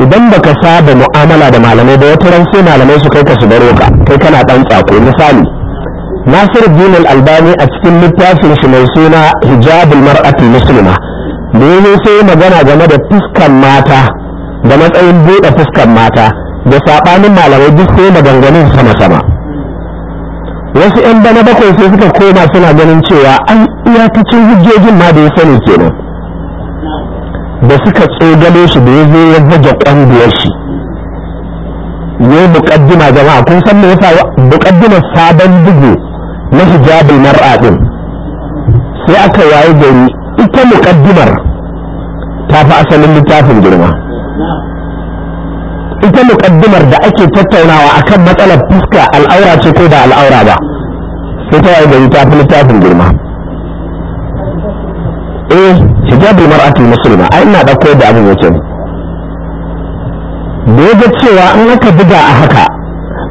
idan baka saba mu'amala da malamai da wata ran sai malamai su kai ka su baro ka kai kana ɗan tsako misali Nasiru Dinul Albani a cikin littafin shi mai suna Hijabul Mar'atul musulma, da sai magana game da fuskan mata da matsayin buɗe fuskar mata da saɓanin malamai duk sai maganganun sama-sama wasu 'yan bana bakwai sai suka koma suna ganin cewa an cin hujjojin ma da ya sani kenan da suka tsogalo shi da ya zo ya zage kwandiyar shi ya yi jama'a kun san me yasa muƙaddimar sabon bugu na hijabin mar'a din sai aka yayi gari ita muƙaddimar ta fi asalin littafin girma ita muƙaddimar da ake tattaunawa akan matsalar fuska al'aura ce ko da al'aura ba sai ta yi gari ta fi littafin girma eh hijabul mar'atul musulma ai ina dauko da abin yake da ya ga cewa in aka buga a haka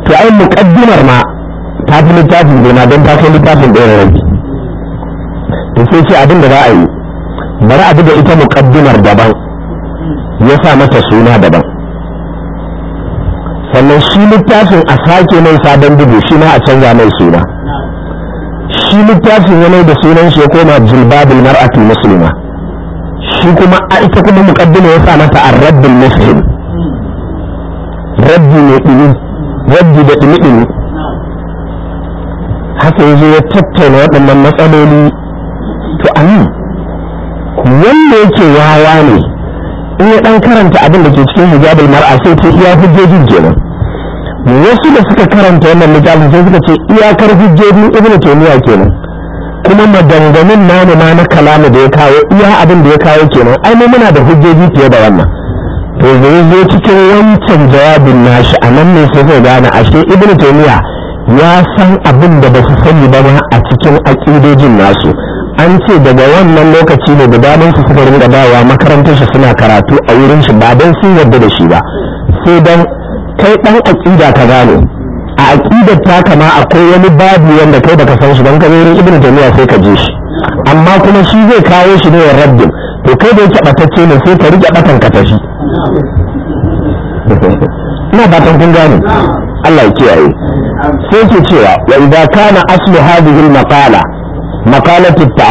to ai muƙaddimar ma ta fi littafin girma don ta kai littafin ɗaya rabi to sai ce abin da za a yi bari a buga ita muƙaddimar daban ya sa mata suna daban sannan shi littafin a sake mai sabon dubu shi ma a canza mai suna shi littafin ya da sunan shi ya koma jilbabul mar'atul musulma shi kuma a ita kuma muqaddima ya sa mata ar-raddul muslim raddi ne dini raddi da dini dini haka yazo ya tattauna waɗannan matsaloli to amin wanda yake wawa ne in ya dan karanta abin da ke cikin hijabul mar'a sai ta iya hujjojin kenan wasu da suka karanta wannan littafin sai suka ce iyakar hujjojin ibn taymiya kenan kuma madanganin namu ma na kalamu da ya kawo iya abin da ya kawo kenan ai mu muna da hujjoji fiye da wannan to zai zo cikin wancan jawabin nashi a nan ne sai zai gane ashe ibn taymiya ya san abin da ba su sani ba a cikin aƙidojin nasu an ce daga wannan lokaci ne da damar su suka ringa dawa makarantar shi suna karatu a wurin shi ba don sun yarda da shi ba sai don kai ɗan aƙida ka gane a aƙida ta kama akwai wani babu wanda kai baka san shi don ka wurin ibnu jami'a sai ka je shi amma kuma shi zai kawo shi ne yin raddin to kai da yake batacce ne sai ka rike batan ka tafi ina batan kun gane Allah ya kiyaye sai ke cewa wa idza kana aslu hadhihi al-maqala makalatu ya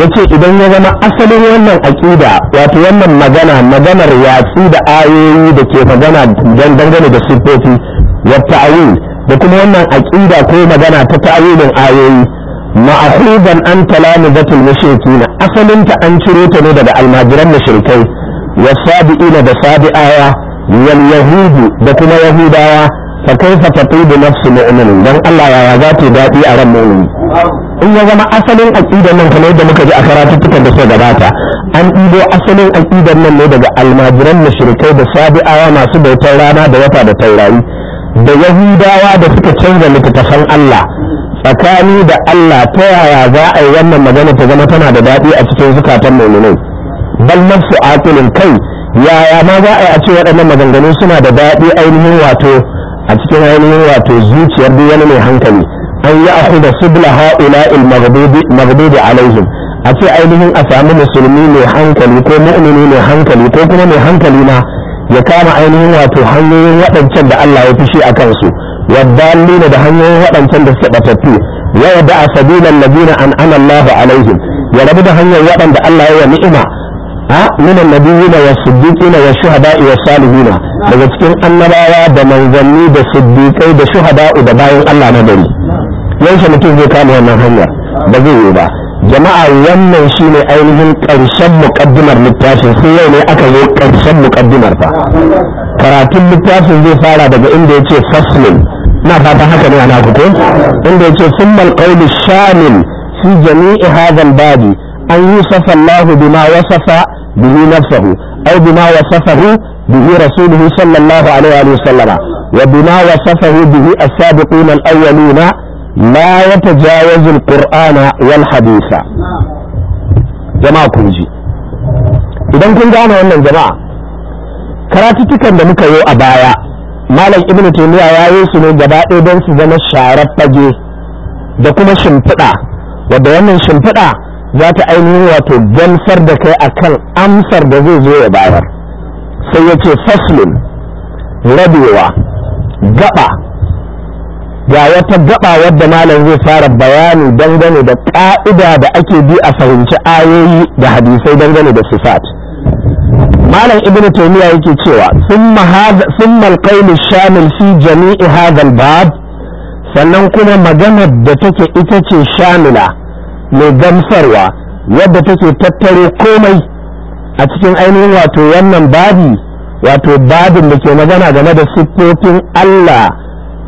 yace idan ya zama asalin wannan aqida wato wannan magana maganar yatsi da ayoyi da ke magana dangane da sifofi wa ta'wil da kuma wannan aqida ko magana ta ta'awilin ayoyi ma'khudan an talamizatul mushrikin asalin ta an ciro ta ne daga almajiran mushrikai wasabi'ina da sabi'awa wal yahudu da kuma yahudawa fa kaifa tatibu nafsu mu'min dan Allah yaya za ta daɗi a ran mu'min in ya zama asalin aqidar nan kamar yadda muka ji a karatuttukan da suka gabata an ɗibo asalin aqidar nan ne daga almajiran mushrikai da sabi'awa masu bautar rana da wata da taurari da yahudawa da suka canza littattafan Allah tsakani da Allah ta yaya za a yi wannan magana ta zama tana da daɗi a cikin zukatan mu'minai bal nafsu aqilin kai yaya ma za a yi a ce waɗannan maganganu suna da daɗi ainihin wato a cikin ainihin wato zuciyar duk wani mai hankali an yi aku da subla ha'ula'il maghdubi alaihim a ce ainihin a sami musulmi mai hankali ko mu'mini mai hankali ko kuma mai hankali na ya kama ainihin wato hanyoyin waɗancan da Allah ya fushi a kansu waddalina da hanyoyin waɗancan da suke batattu ya yada a sabilan ladina an ana alaihim ya rabu da hanyar waɗanda Allah ya ni'ima من النبيين والصديقين والشهداء na daga cikin annabawa da manzanni da siddiqai da shuhada da bayan Allah na gari yanke mutum zai kama wannan hanya ba zai yi ba jama'a wannan shine ainihin ƙarshen muƙaddimar littafin sai yau ne aka zo ƙarshen muƙaddimar fa karatun littafin zai fara daga inda yace faslin na fata haka ne ana ko inda yace summal qawlu shamil fi jami'i hadha babi an yusafa Allah bima wasafa bihi nafsahu aw bima wasafahu bihi rasuluhu sallallahu alaihi wa sallama wa bima wasafahu bihi as-sabiqun al-awwalun la yatajawazu al-qur'ana wal haditha jama'a kun ji idan kun gane wannan jama'a karatutukan da muka yi a baya malam ibnu taymiya ya yi su ne gaba ɗaya don su zama sharar fage da kuma shimfiɗa wadda wannan shimfiɗa za ta ainihin wato gamsar da kai akan amsar da zai zo ya bayar sai ya ce rabewa gaba ga wata gaba wadda malam zai fara bayani dangane da ƙa'ida da ake bi a fahimci ayoyi da hadisai dangane da sifat malam ibnu taymiya yake cewa thumma hadha thumma shamil fi jami'i hadha al-bab sannan kuma maganar da take ita ce shamila mai gamsarwa yadda take tattaro komai a cikin ainihin wato wannan babi wato babin da ke magana game da siffofin Allah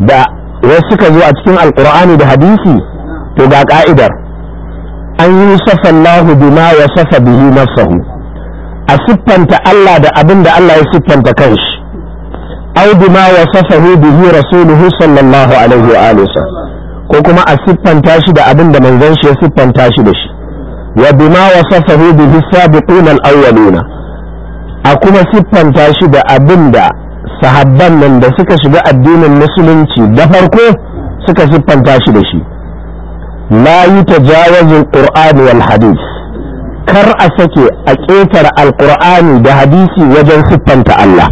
da wasu suka zo a cikin alkur'ani da hadisi to ga ka'idar an yi safallahu bima ya safa bihi nafsahu a siffanta Allah da abin da Allah ya siffanta kanshi au bima wa safahu bihi rasuluhu sallallahu alaihi wa alihi ko kuma a siffanta shi da abin da manzon shi ya siffanta shi da shi wa bima wasafahu bihi sabiquna al-awwaluna a kuma siffanta shi da abin da sahabban nan da suka shiga addinin musulunci da farko suka siffanta shi da shi la yutajawazu al-qur'an wal hadith kar a sake a ƙetare alƙur'ani da hadisi wajen siffanta Allah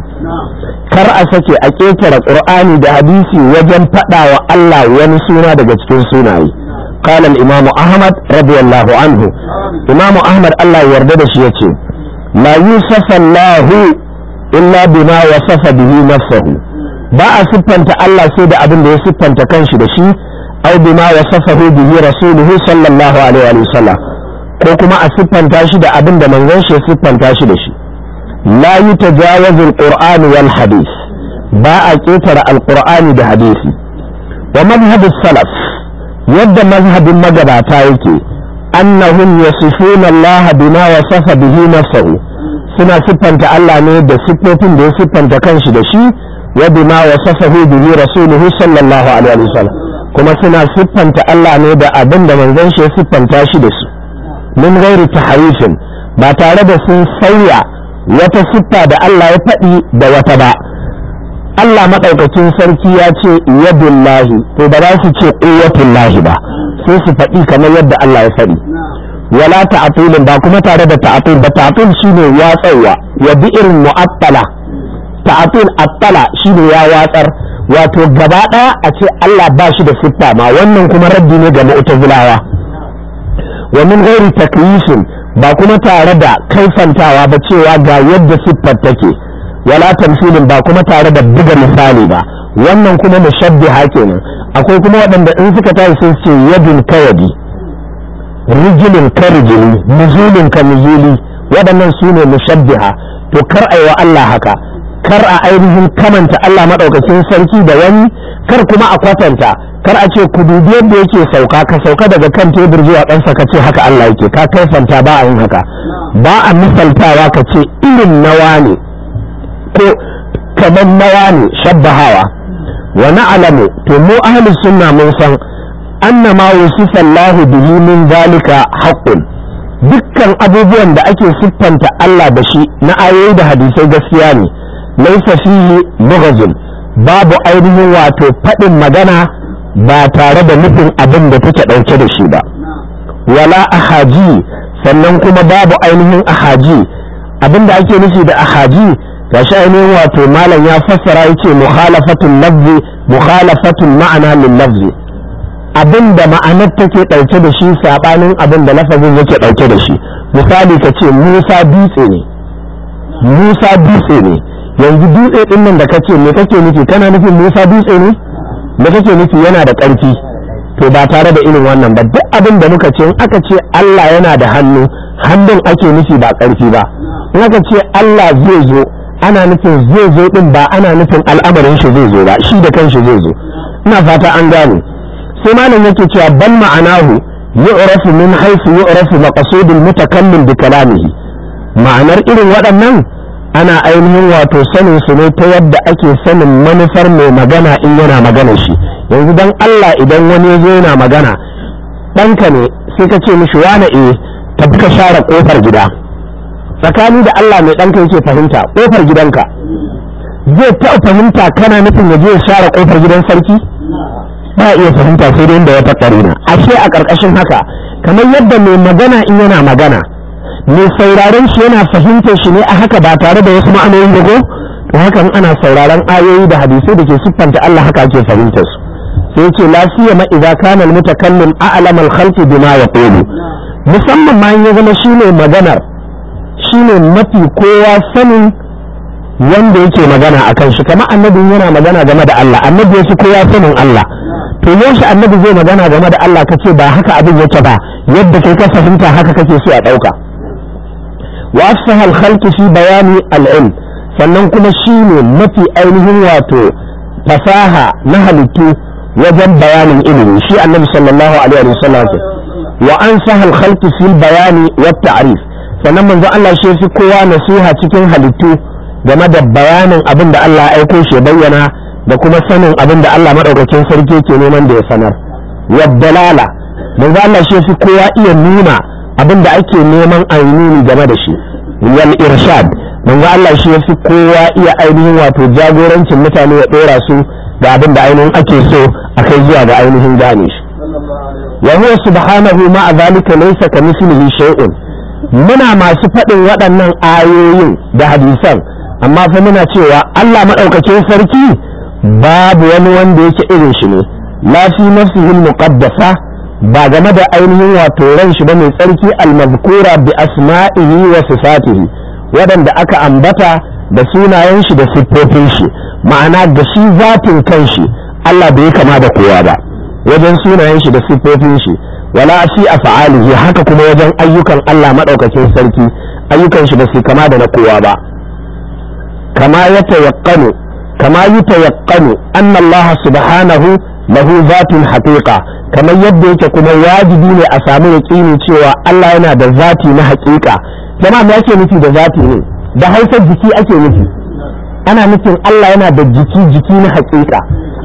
kar a sake a ƙetare ƙur'ani da hadisi wajen faɗawa wa Allah wani suna daga cikin sunaye قال الإمام أحمد رضي الله عنه إمام أحمد الله يرضى شيئا لا يوصف الله إلا بما وصف به نفسه ba a siffanta Allah sai da abin da ya siffanta kanshi da shi au bima wasafahu bihi rasuluhu sallallahu alaihi wa sallam ko kuma a siffanta shi da abin da manzon shi siffanta shi da shi la yutajawazul qur'anu wal hadith ba a ketara alqur'ani da hadisi wa madhhabus salaf yadda mazhabin magabata yake annahum yasifuna Allah bima wasafa bihi nafsuhu suna siffanta Allah ne da siffofin da ya siffanta kanshi da shi wa bima wasafahu bihi rasuluhu sallallahu alaihi wasallam kuma suna siffanta Allah ne da abin da manzon shi ya siffanta shi da shi. min ghairi tahawushin ba tare da sun sauya wata siffa da Allah ya faɗi da wata ba Allah maɗaukacin sarki ya ce lahi, to ba za su ce lahi ba sai su faɗi kamar yadda Allah ya faɗi wala ta'atulin ba kuma tare da ta'atul ba ta'atul shine ya tsawa wa mu'attala ta'atul attala shine ya watsar wato gaba ɗaya a ce Allah ba shi da sitta ma wannan kuma raddi ne ga mu'tazilawa wa min ghairi takyifin ba kuma tare da kaifantawa ba cewa ga yadda siffar take wala tamthilin ba kuma tare da buga misali ba wannan kuma mushabbiha kenan akwai kuma waɗanda in suka tashi sun ce yadin kayadi rijilin ka rijili muzulin ka muzuli, waɗannan su ne mushabbiha to kar a wa Allah haka kar a ainihin kamanta Allah maɗaukacin sarki da wani kar kuma a kwatanta kar a ce ku dubi yadda yake sauka ka sauka daga kan tebur zuwa ɗansa ka ce haka Allah yake ka kaifanta ba a yin haka ba a misaltawa ka ce irin nawa ne ko kamar nawa ne shabbahawa Wani alamu to mu ahlus sunna mun san anna ma wusifa bihi min zalika haqqun dukkan abubuwan da ake siffanta Allah da shi na ayoyi da hadisai gaskiya ne laisa shi bughazun babu ainihin wato faɗin magana ba tare da nufin abin da take ɗauke da shi ba wala ahaji sannan kuma babu ainihin ahaji abin da ake nufi da ahaji shi ainihin wato malam ya fassara yake mukhalafatul lafzi mukhalafatul ma'ana lil lafzi abin da ma'anar take ɗauke da shi saɓanin abin da lafazin yake ɗauke da shi misali ka ce musa dutse ne musa dutse ne yanzu dutse din nan da kace me kake nufi kana nufin Musa dutse ne me kake nufi yana da ƙarfi to ba tare da irin wannan ba duk abin da muka ce in aka ce Allah yana da hannu hannun ake nufi ba ƙarfi ba in aka ce Allah zai zo ana nufin zai zo din ba ana nufin al'amarin shi zai zo ba shi da kanshi zai zo ina fata an gane sai malam yake cewa ban ma'anahu yu'rafu min haythu yu'rafu maqsudul mutakallim bi kalamihi ma'anar irin waɗannan ana ainihin wato sanin su ne ta yadda ake sanin manufar mai magana in yana magana shi yanzu dan Allah idan wani ya zo yana magana ɗanka ne sai ka ce mishi wane eh, tafi ka share kofar gida tsakani da Allah mai ɗanka yake fahimta kofar gidanka zai taɓa fahimta kana nufin ya je ya share kofar gidan sarki ba iya fahimta sai dai ya wata ƙarina ashe a ƙarƙashin haka kamar yadda mai magana in yana magana mai sauraron shi yana fahimtar shi ne a haka ba tare da wasu ma'anoyin da ko to hakan ana sauraron ayoyi da hadisai da ke siffanta Allah haka ake fahimtar su sai ce lafiya ma idza kana al-mutakallim a'lam al-khalqi bima yaqulu musamman ma ya zama shine maganar shine mafi kowa sanin wanda yake magana akan shi kamar annabi yana magana game da Allah annabi yace kowa sanin Allah to yaushe annabi zai magana game da Allah kace ba haka abin yake ba yadda kai ka fahimta haka kake so a dauka wa asfaha al-khalqi bayani al sannan kuma shine mafi ainihin wato fasaha na halittu wajen bayanin ilimi shi annabi sallallahu alaihi wasallam wa ansaha al-khalqi fi bayani wa ta'rif sannan manzo Allah shi kowa nasiha cikin halittu game da bayanin abin da Allah ya aiko shi bayyana da kuma sanin abin da Allah madaukakin sarki ke neman da ya sanar wa dalala manzo Allah shi kowa iya nuna abin da ake neman ainihi game da shi yal irshad manzo Allah shi yafi kowa iya ainihin wato jagorancin mutane ya dora su da abin da ainihin ake so a kai zuwa ga ainihin gane shi wa huwa subhanahu ma zalika laysa kamithlihi shay'un muna masu faɗin waɗannan ayoyin da hadisan amma fa muna cewa Allah madaukakin sarki babu wani wanda yake irin shi ne la fi nafsihi muqaddasa ba game da ainihin wato ran shi ba mai tsarki almazkura bi asma'ihi wa sifatihi waɗanda aka ambata da sunayen shi da siffofin shi ma'ana da shi zatin kan shi Allah bai kama da kowa ba wajen sunayen shi da siffofin shi wala a fa'alihi haka kuma wajen ayyukan Allah maɗaukakin sarki ayyukan shi ba su kama da na kowa ba kama ya tayaqqanu kama yutayaqqanu anna subhanahu lahu zatul haqiqa kamar yadda yake kuma wajibi ne a samu yaqini cewa Allah yana da zati na haƙiƙa jama'a me ake nufi da zati ne da hausa jiki ake nufi ana nufin Allah yana da jiki jiki na haƙiƙa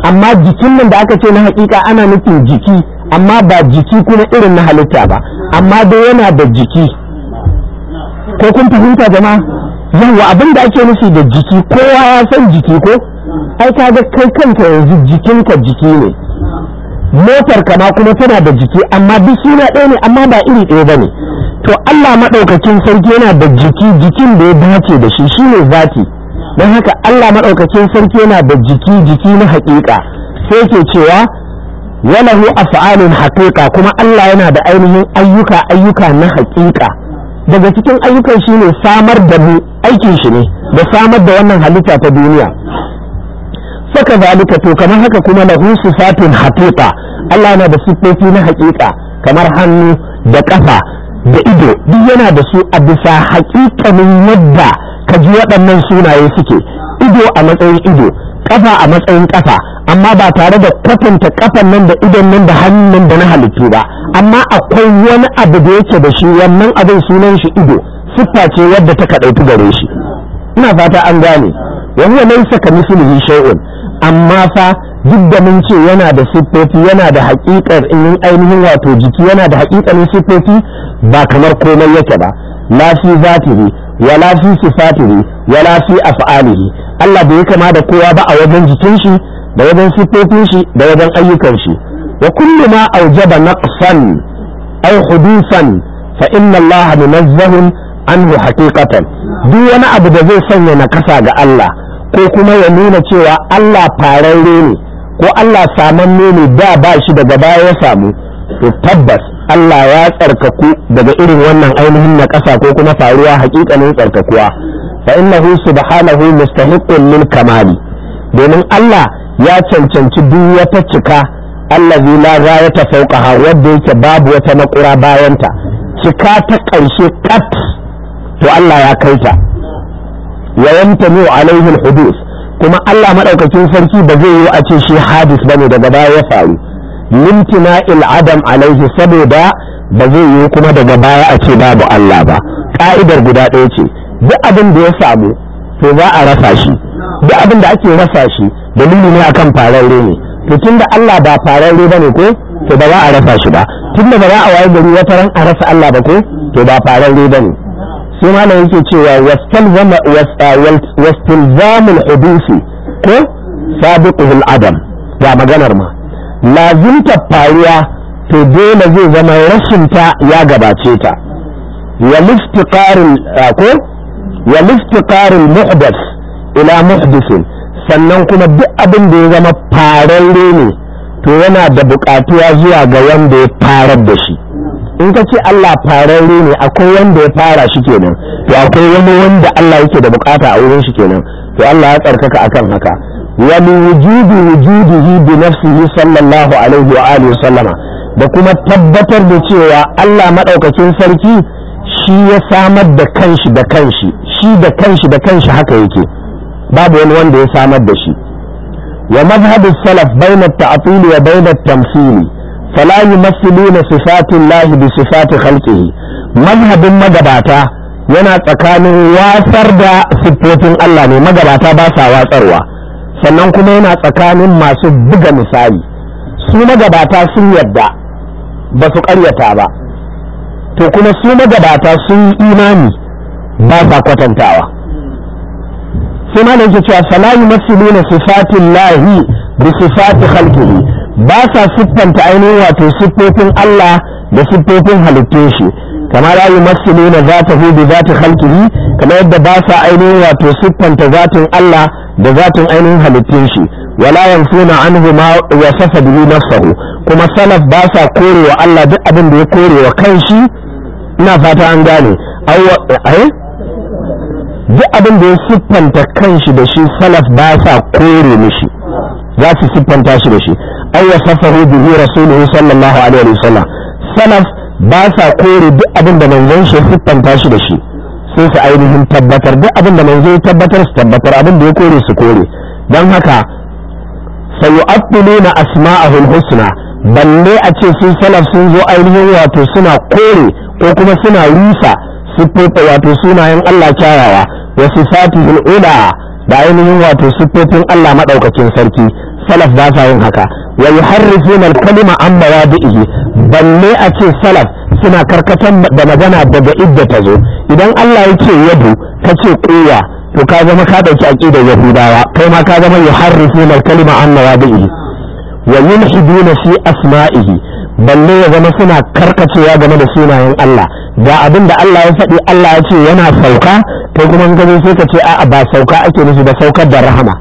amma jikin nan da aka ce na haqiqa ana nufin jiki amma ba jiki kuma irin na halitta ba amma dai yana da jiki ko kun fahimta jama'a yawa abin da ake nufi da jiki kowa ya san jiki ko ai ta ga kai kanka yanzu jikinka jiki ne motar ka ma kuma tana da jiki amma duk suna ɗaya ne amma ba iri ɗaya ba ne to Allah maɗaukakin sarki yana da jiki jikin da ya dace da shi shine zati don haka Allah maɗaukakin sarki yana da jiki jiki na haƙiƙa sai ke cewa walahu af'alun haƙiƙa kuma Allah yana da ainihin ayyuka ayyuka na haƙiƙa daga cikin ayyukan shine samar da mu aikin shi ne da samar da wannan halitta ta duniya saka zalika to kamar haka kuma lahu sifatun haqiqa Allah yana da siffofi na haƙiƙa kamar hannu da ƙafa da ido duk yana da su a bisa haƙiƙanin yadda kaji ji waɗannan sunaye suke ido a matsayin ido ƙafa a matsayin ƙafa amma ba tare da kwatanta kafan nan da idon nan da hannun da na halittu ba amma akwai wani abu da yake da shi wannan abin sunan shi ido siffa ce wadda ta kaɗaitu gare shi ina fata an gane wani ya laisa ka mislihi shay'un amma fa duk da mun ce yana da siffofi yana da haƙiƙar in ainihin wato jiki yana da haƙiƙanin siffofi ba kamar komai yake ba la fi zatihi wala fi sifatihi wala fi af'alihi Allah bai kama da kowa ba a wajen jikin shi da wajen siffofin shi da wajen ayyukan shi wa kullu ma aujaba naqsan aw hudusan fa inna Allah munazzahun anhu haqiqatan duk wani abu da zai sanya na kasa ga Allah ko kuma ya nuna cewa Allah fararre ne ko Allah samanne ne da ba shi daga baya ya samu to tabbas Allah ya tsarkaku daga irin wannan ainihin kasa ko kuma faruwa haƙiƙanin tsarkakuwa fa innahu subhanahu mustahiqqun lil kamali domin Allah ya cancanci duk wata cika Allah zai la ghayata fawqaha wanda yake babu wata makura bayanta cika ta ƙarshe kat to Allah ya kai ta wa yamtanu alaihi alhudus kuma Allah madaukakin sarki ba zai yi a ce shi hadis bane daga baya ya faru limtina il adam alaihi saboda ba zai yi kuma daga baya a ce babu Allah ba ka'idar guda ɗaya ce duk abin da ya samu to za a rasa shi duk abin da ake rasa shi dalili ne akan fararre ne to tunda Allah ba fararre bane ko to ba za a rasa shi ba tunda ba za a waye gari wata ran a rasa Allah ba ko to ba fararre bane su ma yake cewa wastilzamul ah, hudusi ko sabiqul adam ga maganar ma lazimta faruwa to dole zai zama rashin ta ya gabace ta ya liftiqarin ah, ko ya liftiqarin muhdath ila muhdisin sannan kuma duk abin da ya zama fararre ne to yana da buƙatuwa zuwa ga wanda ya farar da shi in ka ce Allah fararre ne akwai wanda ya fara shi kenan to akwai wani wanda Allah yake da bukata a wurin shi kenan to Allah ya tsarkaka akan haka wa min wujudi wujudihi bi nafsihi sallallahu alaihi wa alihi sallama da kuma tabbatar da cewa Allah madaukakin sarki shi ya samar da kanshi da kanshi shi da kanshi da kanshi haka yake babu wani wanda ya samar da shi wa mazhabu salaf bayna at-ta'til wa bayna at-tamthili fala yumassiluna sifatullahi bi sifati khalqihi manhabin magabata yana tsakanin wasar da siffofin Allah ne magabata ba sa watsarwa sannan kuma yana tsakanin masu buga misali su magabata sun yadda ba su karyata ba to kuma su magabata sun yi imani ba sa kwatantawa sai malam yake cewa nuna sifatin lahi da sifati khalqihi ba sa siffanta ainihin wato siffofin Allah da siffofin halittun shi kama la za na zatahu bi ta khalqihi kama yadda ba sa ainihin wato siffanta zatin Allah da zatin ainihin halittun shi wala yanfuna anhu ma wasafa na sahu? kuma salaf ba sa korewa Allah duk abin da ya korewa kanshi ina fata an gane eh? duk abin da ya siffanta kanshi da shi salaf ba sa kore mishi za su siffanta shi da shi ay yasafahu bihi rasuluhu sallallahu alaihi sallam. salaf ba sa kore duk abin da manzon shi siffanta shi da shi sai su ainihin tabbatar duk abin da manzo ya tabbatar su tabbatar abin da ya kore su kore don haka sayu'attiluna asma'ahul husna balle a ce sun salaf sun zo ainihin wato suna kore ko kuma suna rusa siffofa wato sunayen Allah kyawawa wa sifatihul ula da ainihin wato siffofin Allah maɗaukacin sarki salaf ba sa yin haka wa yuharrifuna al-kalima an mawadihi balle a ce salaf suna karkatar da magana daga idda ta zo idan Allah ya ce yadu ka ce kuya to ka zama ka dauki aqidar yahudawa kai ma ka zama yuharrifuna al-kalima an mawadihi wa yulhiduna shi asma'ihi balle ya zama suna karkacewa game da sunayen Allah ga abin da Allah ya faɗi Allah ya ce yana sauka kai kuma in sai ka ce a'a ba sauka ake nufi da saukar da rahama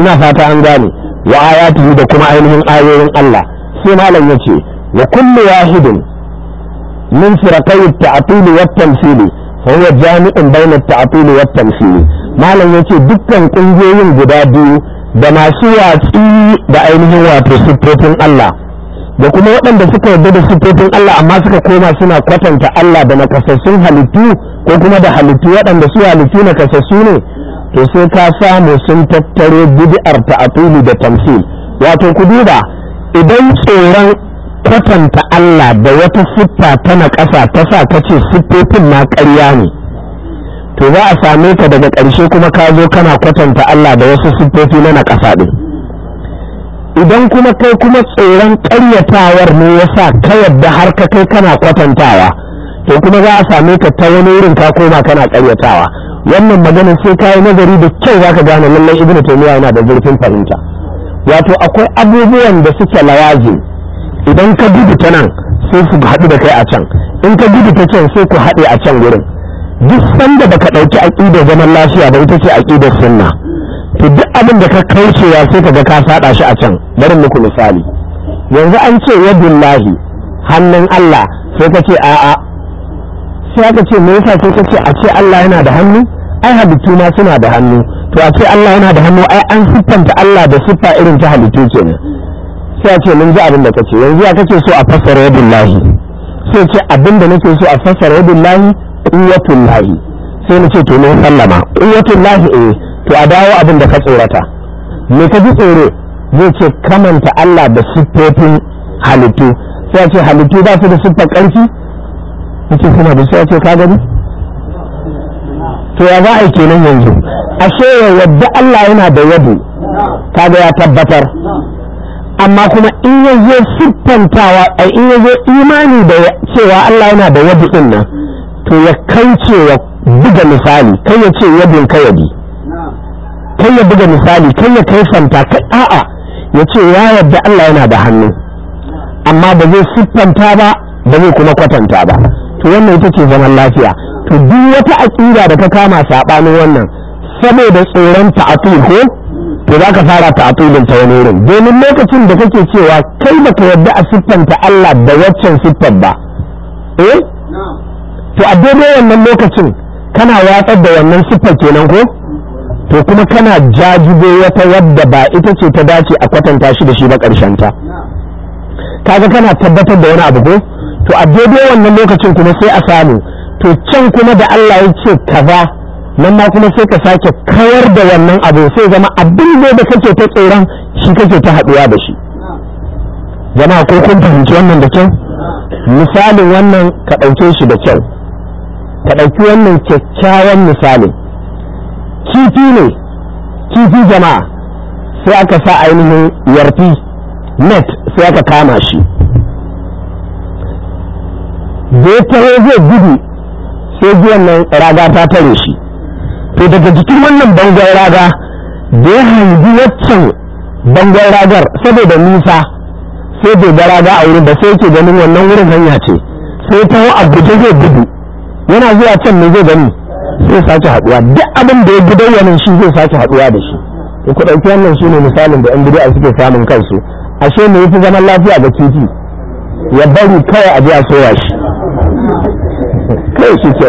ina fata an gane wa ayatihi da kuma ainihin ayoyin Allah sai malam ya yace wa kullu wahidin min firaqai at-ta'til wa at fa huwa jami'un bayna wa malam yace dukkan kungiyoyin guda biyu da masu watsi da ainihin wato siffofin Allah da kuma waɗanda suka yarda da siffofin Allah amma suka koma suna kwatanta Allah da nakasassun halittu ko kuma da halittu waɗanda su halittu nakasassu ne to sai ka samu sun tattare bid'ar ta'atuli da tamsil wato ku duba idan tsoron kwatanta Allah da wata siffa na ƙasa ta sa kace siffofin na ƙarya ne to za a same ka daga ƙarshe kuma ka zo kana kwatanta Allah da wasu siffofi na naƙasa ɗin idan kuma kai kuma tsoron ƙaryatawar ne ya sa ka yadda har ka kai kana kwatantawa to kuma za a same ka ta wani wurin ka koma kana ƙaryatawa wannan magana sai ka yi nazari da kyau za ka gane lallai ibnu taymiya yana da zurfin fahimta wato akwai abubuwan da suke lawazi idan ka gudu ta nan sai su haɗu da kai a can in ka gudu ta can sai ku haɗe a can gurin duk sanda baka ɗauki aƙidar zaman lafiya ba ita ce aƙidar sunna to duk abin da ka kaucewa sai kaga ka fada shi a can bari muku misali yanzu an ce yadullahi hannun Allah sai ka ce a'a sai aka ce me yasa sai ka ce a ce Allah yana da hannu ai halittu ma suna da hannu to a ce Allah yana da hannu ai an siffanta Allah da siffa irin ta halittu kenan sai a ce mun ji abin da kace yanzu ya kace so a fassara yadullahi sai ce abin da nake so a fassara yadullahi ƙuyatun lahi sai na ce to ne sallama ƙuyatun lahi eh to a dawo abin da ka tsorata me ka ji tsoro zai ce kamanta Allah da siffofin halittu sai ce halittu ba su da siffar ƙarfi yake suna da sai ce ka gani to ya za a yi kenan yanzu ashe ya yadda Allah yana da yabo kaga ya tabbatar amma kuma in ya zo siffantawa in ya zo imani da cewa Allah yana da yabo din nan to ya kai cewa buga misali kai ya ce yadin ka yadi kai ya buga misali kai ya kai fanta kai a'a ya ce ya yadda Allah yana da hannu amma ba zai siffanta ba ba zai kuma kwatanta ba to wannan ita ce zaman lafiya to duk wata aƙida da ta kama saɓanin wannan saboda tsoron ta'atul ko to za ka fara ta'atulin ta wani wurin domin lokacin da kake cewa kai ba ka yadda a siffanta Allah da waccan siffar ba eh to a daidai wannan lokacin kana watsar da wannan siffar kenan ko to kuma kana jajibo wata wadda ba ita ce ta dace a kwatanta shi da shi ba ta kaga kana tabbatar da wani abu ko to a daidai wannan lokacin kuma sai a samu to can kuma da Allah ya ce kaza nan ma kuma sai ka sake kawar da wannan abu sai zama abin ne da kake ta tsoron shi kake ta haɗuwa da shi jama'a ko kun fahimci wannan da kyau misalin wannan ka ɗauke shi da kyau ka ɗauki wannan kyakkyawan misali, kifi ne kifi jama'a sai aka sa ainihin yarfi net sai aka kama shi da ya tare zai gudu sai biyan nan raga ta tare shi to daga jikin wannan bangon raga da ya hangi waccan bangon ragar saboda nisa sai bai ga raga a wurin ba sai ke ganin wannan wurin hanya ce sai ta a guje zai gudu yana zuwa can mai zai gani zai sake haduwa duk abin da ya gudanya nan shi zai sake haduwa da shi to ku ɗauki wannan ne misalin da yan a suke samun kansu ashe me yafi zaman lafiya ga titi ya bari kawai a biya soya shi kai shi ke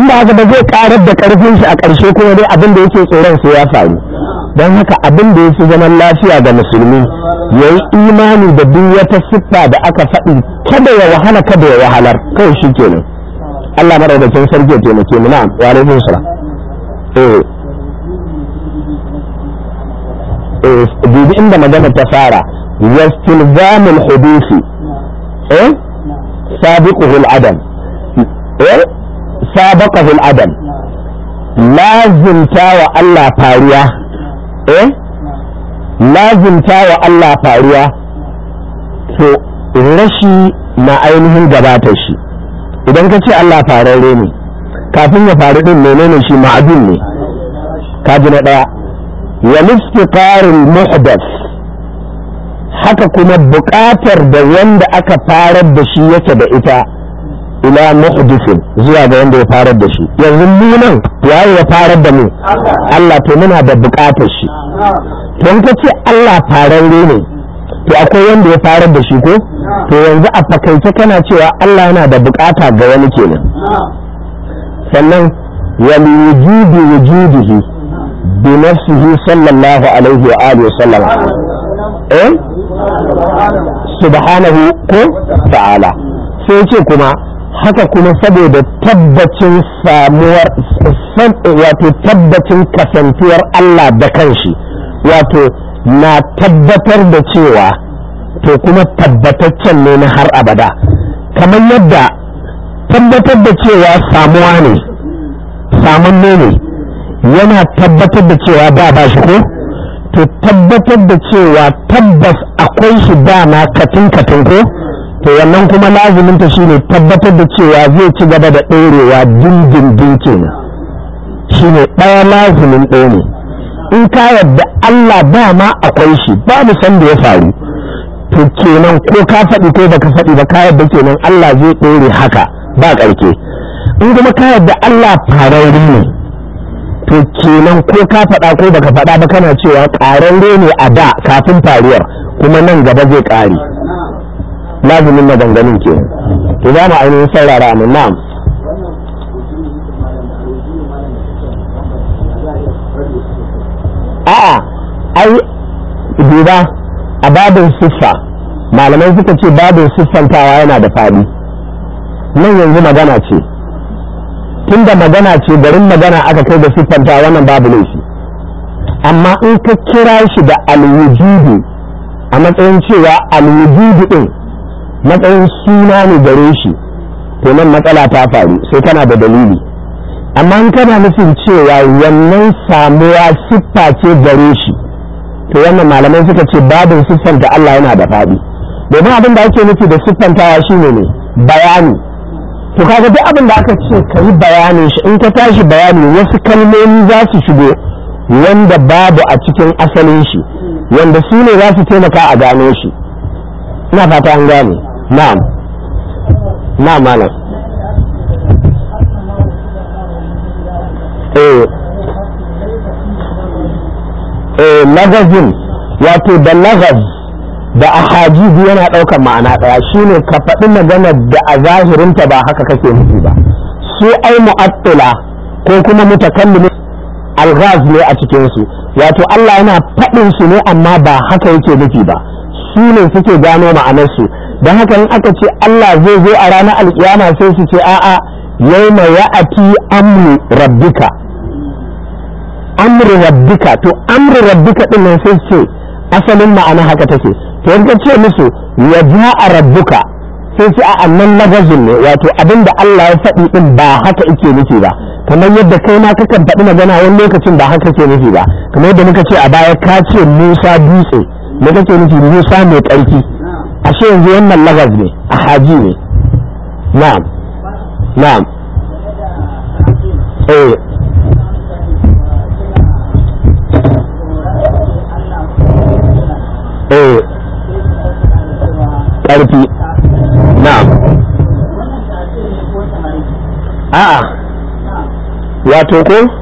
inda haka ba zai karar da karfin shi a ƙarshe kuma dai abin da yake tsoron sai ya faru don haka abin da yafi zaman lafiya ga musulmi ya yi imani da duk wata siffa da aka faɗi kada ya wahala kada ya wahalar kawai shi kenan Allah madaukakin sarki ya taimake mu na wa alaikum salam eh eh dubi inda magana ta fara yastilzamul hudusi eh sabiquhu al-adam eh sabaqahu al-adam lazimta wa Allah fariya eh lazimta wa Allah fariya to rashi na ainihin gabatar shi idan ka ce Allah fararre ne kafin ya faru din menene shi ma'adun ne kaji na ɗaya ya listiqarul muhdas haka kuma buƙatar da wanda aka farar da shi yake da ita ila muhdisin zuwa ga wanda ya farar da shi yanzu mu nan ya farar da mu Allah to muna da buƙatar shi don ka ce Allah fararre ne to akwai wanda ya farar da shi ko to yanzu a fakaice kana cewa Allah yana da bukata ga wani kenan sannan wali wujudu wujudihi bi nafsihi sallallahu alaihi wa alihi wa sallam eh subhanahu ko ta'ala sai ce kuma haka kuma saboda tabbacin samuwar wato tabbacin kasantuwar Allah da kanshi wato na tabbatar da cewa to kuma tabbataccen ne na har abada kamar yadda tabbatar da cewa samuwa ne samanne ne yana tabbatar da cewa ba ba shi ko to tabbatar da cewa tabbas akwai shi dama katin katin ko to wannan kuma laziminta ne tabbatar da cewa zai ci gaba da ɗorewa dindindin kenan ne ɗaya lazimin ɗaya ne in ka yadda Allah ba ma akwai shi babu san da ya faru to kenan ko ka faɗi ko baka faɗi ba ka yadda kenan Allah zai ɗore haka ba ƙarke in kuma ka yadda Allah fararre ne to kenan ko ka faɗa ko baka faɗa ba kana cewa ƙararre ne a da kafin faruwar kuma nan gaba zai ƙare lazumin maganganun kenan to za mu ainihin saurara mu na'am a'a ai duba a babin siffa malamai suka ce babin siffantawa yana da faɗi nan yanzu magana ce tunda magana ce garin magana aka kai da siffantawa wannan babu laifi amma in ka kira shi da alwujudu a matsayin cewa alwujudu din matsayin suna ne gare shi to nan matsala ta faru sai tana da dalili amma kana nufin cewa wannan samuwa siffa ce gare shi to wannan malamai suka ce babin da Allah yana da faɗi domin abin da ake nufi da siffantawa shine ne bayani to kaga duk abin da aka ce ka yi bayanin shi in ka tashi bayani wasu kalmomi za su shigo wanda babu a cikin asalin shi wanda su ne za su taimaka a gano shi ina fata an gane na'am na'am malam Eh. Eh, lagazin wato da lagaz da a hajizu yana ɗaukar ma'ana ɗaya shine ka faɗi maganar da a zahirinta ba haka kake nufi ba su ai mu'attila ko kuma mutakallimin alghaz ne a cikinsu wato Allah yana faɗin su ne amma ba haka yake nufi ba su ne suke gano ma'anarsu don haka in aka ce Allah zai zo a ranar alkiyama sai su ce a'a ya ya'ati amru rabbika amru rabbika to amru rabbika din nan sai ce asalin ma'ana haka take to in ka ce musu ya ja'a rabbuka sai ce a annan lagazin ne wato abinda Allah ya faɗi din ba haka yake nufi ba kamar yadda kai ma kakan faɗi magana wani lokacin ba haka ke nufi ba kamar yadda muka ce a baya ka ce Musa dutse me kake nufi Musa mai ƙarfi ashe yanzu wannan lagaz ne a haji ne na'am نعم eh eh ƙarfi a'a wato ko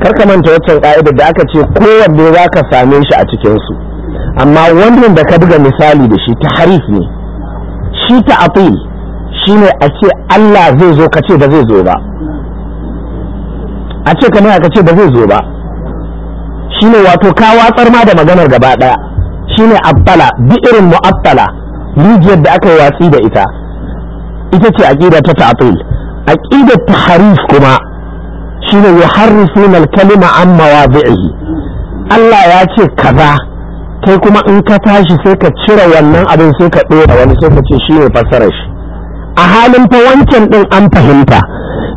karka manta waccan ka'idar da aka ce kowanne za ka same shi a cikinsu amma wannan da ka buga misali da shi ta harif ne shi ta afil ne a ce Allah zai zo ka ce ba zai zo ba a ce kamar ka ce ba zai zo ba shine wato ka watsar ma da maganar gaba daya shine abbala bi irin mu'abbala rijiyar da aka yi watsi da ita ita ce aqida ta aƙida ta Harif kuma shine yuharrifuna al-kalima an mawadhi'ihi Allah ya ce kaza kai kuma in ka tashi sai ka cire wannan abin sai ka ɗora wani sai ka ce shi ne fassarar shi a halin fa wancan din an fahimta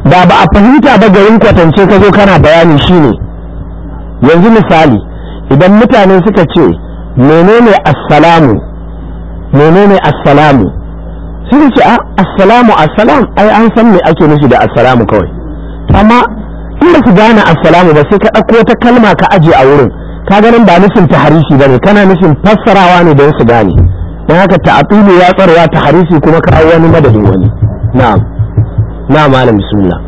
da ba a fahimta ba garin kwatance ka zo kana bayani shine yanzu misali idan mutane suka ce menene assalamu menene assalamu sai ce a ah, assalamu assalam ai an san me ake nufi da assalamu kawai amma in ba su gane assalamu ba sai ka ɗauko ta kalma ka aje a wurin ka ganin ba nufin ta harishi ba ne kana nufin fassarawa ne don su gane don haka ta'atulu ya tsarwa ta harisi kuma kawo wani madadin wani na'am na'am malam bismillah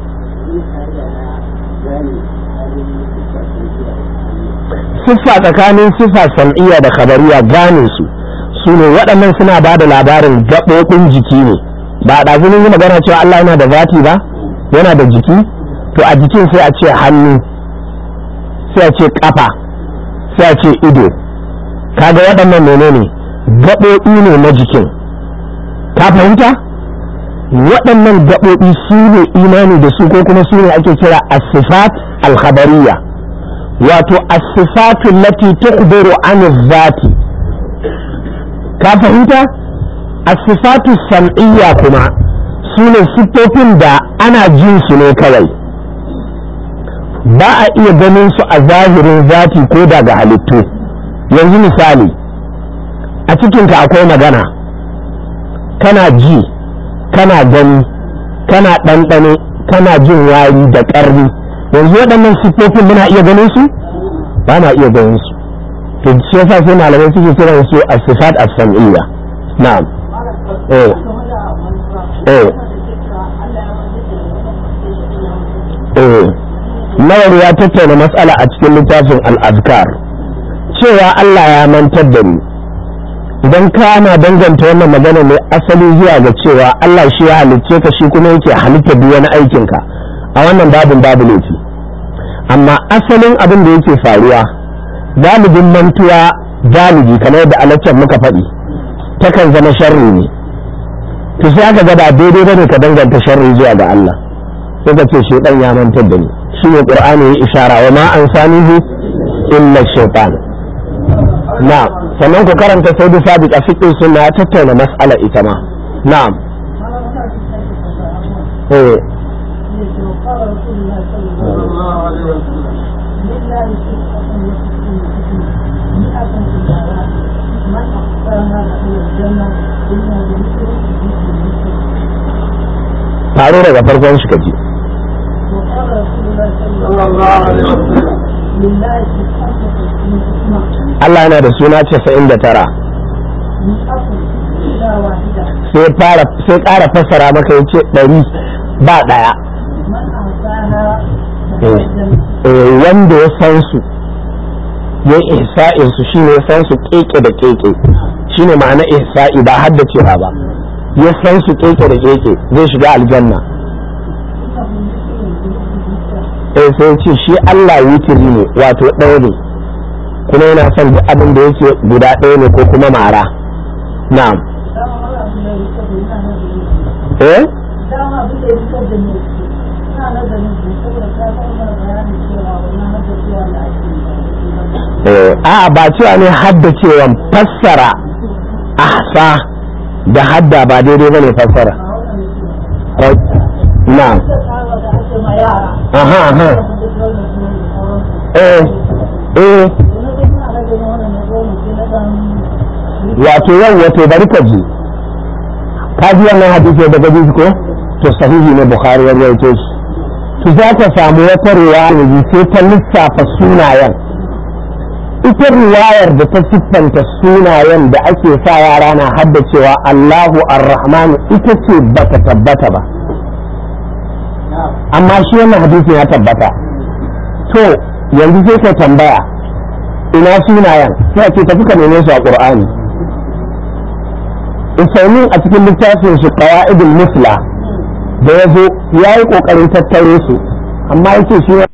siffa tsakanin siffa sam'iyya da khabariya ganin su su ne waɗannan suna ba da labarin gaɓoɓin jiki ne ba a ɗazunin yi magana cewa Allah yana da zati ba yana da jiki to a jikin sai a ce hannu sai a ce ƙafa sai a ce ido kaga waɗannan menene ne gaɓoɓi ne na jikin ta fahimta waɗannan gaɓoɓi su ne imani da su ko kuma su ne ake kira asifat alkhabariya wato asifatu lati ta tukhbiru an zati ka fahimta asifatu sam'iyya kuma su ne siffofin da ana jin su ne kawai ba a iya ganin su a zahirin zati ko daga halittu yanzu misali a cikinta akwai magana kana ji kana gani kana ɗanɗano kana jin wari da ƙarni yanzu waɗannan siffofin muna iya ganin su ba na iya ganin su to shi yasa sai malamai suke kiran su as-sifat as-sam'iyya na'am eh eh eh nawar ya tattauna matsala a cikin littafin al-azkar cewa Allah ya mantar da ni idan ka na danganta wannan magana ne asali zuwa ga cewa Allah shi ya halicce ka shi kuma yake halitta duk wani aikin ka a wannan babin babu laifi amma asalin abin da yake faruwa galibin mantuwa galibi kamar da alaccan muka faɗi takan zama sharri ne to sai aka gaba daidai bane ka danganta sharri zuwa ga Allah sai ka ce shedan ya mantar da ni shi ne qur'ani ya isharawa ma an sanihu illa shaitan na'am sannan ku karanta sai da sabiq a cikin sunna ya tattauna mas'ala ita ma na'am eh taro daga farkon shi kaji Allah alaihi wasallam Allah yana da suna casa'in da tara sai ƙara fassara maka ya ce ɗari ba ɗaya eh, eh, wanda ya san su ya ihsa'in su ne ya san su keke da keke ne ma'ana sa'i ba cewa ba ya san su keke da keke zai shiga aljanna eh, sai sai ce shi Allah witiri ne wato ɗaya ne kuma yana son duk abin da yake guda ɗaya ne ko kuma mara na eh? eh, a ba cewa ne hadda cewa fassara sa da hadda ba daidai ba ne fassara na aha aha eh eh wato yau wato bari ka ji ka ji wannan hadisi daga gaji ko to sahihi ne bukhari ya rawaito shi to za ka samu wata riwaya ne sai ta lissafa sunayen ita riwayar da ta siffanta sunayen da ake sa yara na cewa Allahu Ar-Rahman ita ce bata tabbata ba amma shi wannan hadisi ya tabbata to yanzu sai ka tambaya ina sunayen sai ce tafi ka neme su a Qur'ani usaimin a cikin littafin shi qawaidul musla da ya zo ya yi kokarin tattare su amma yake shi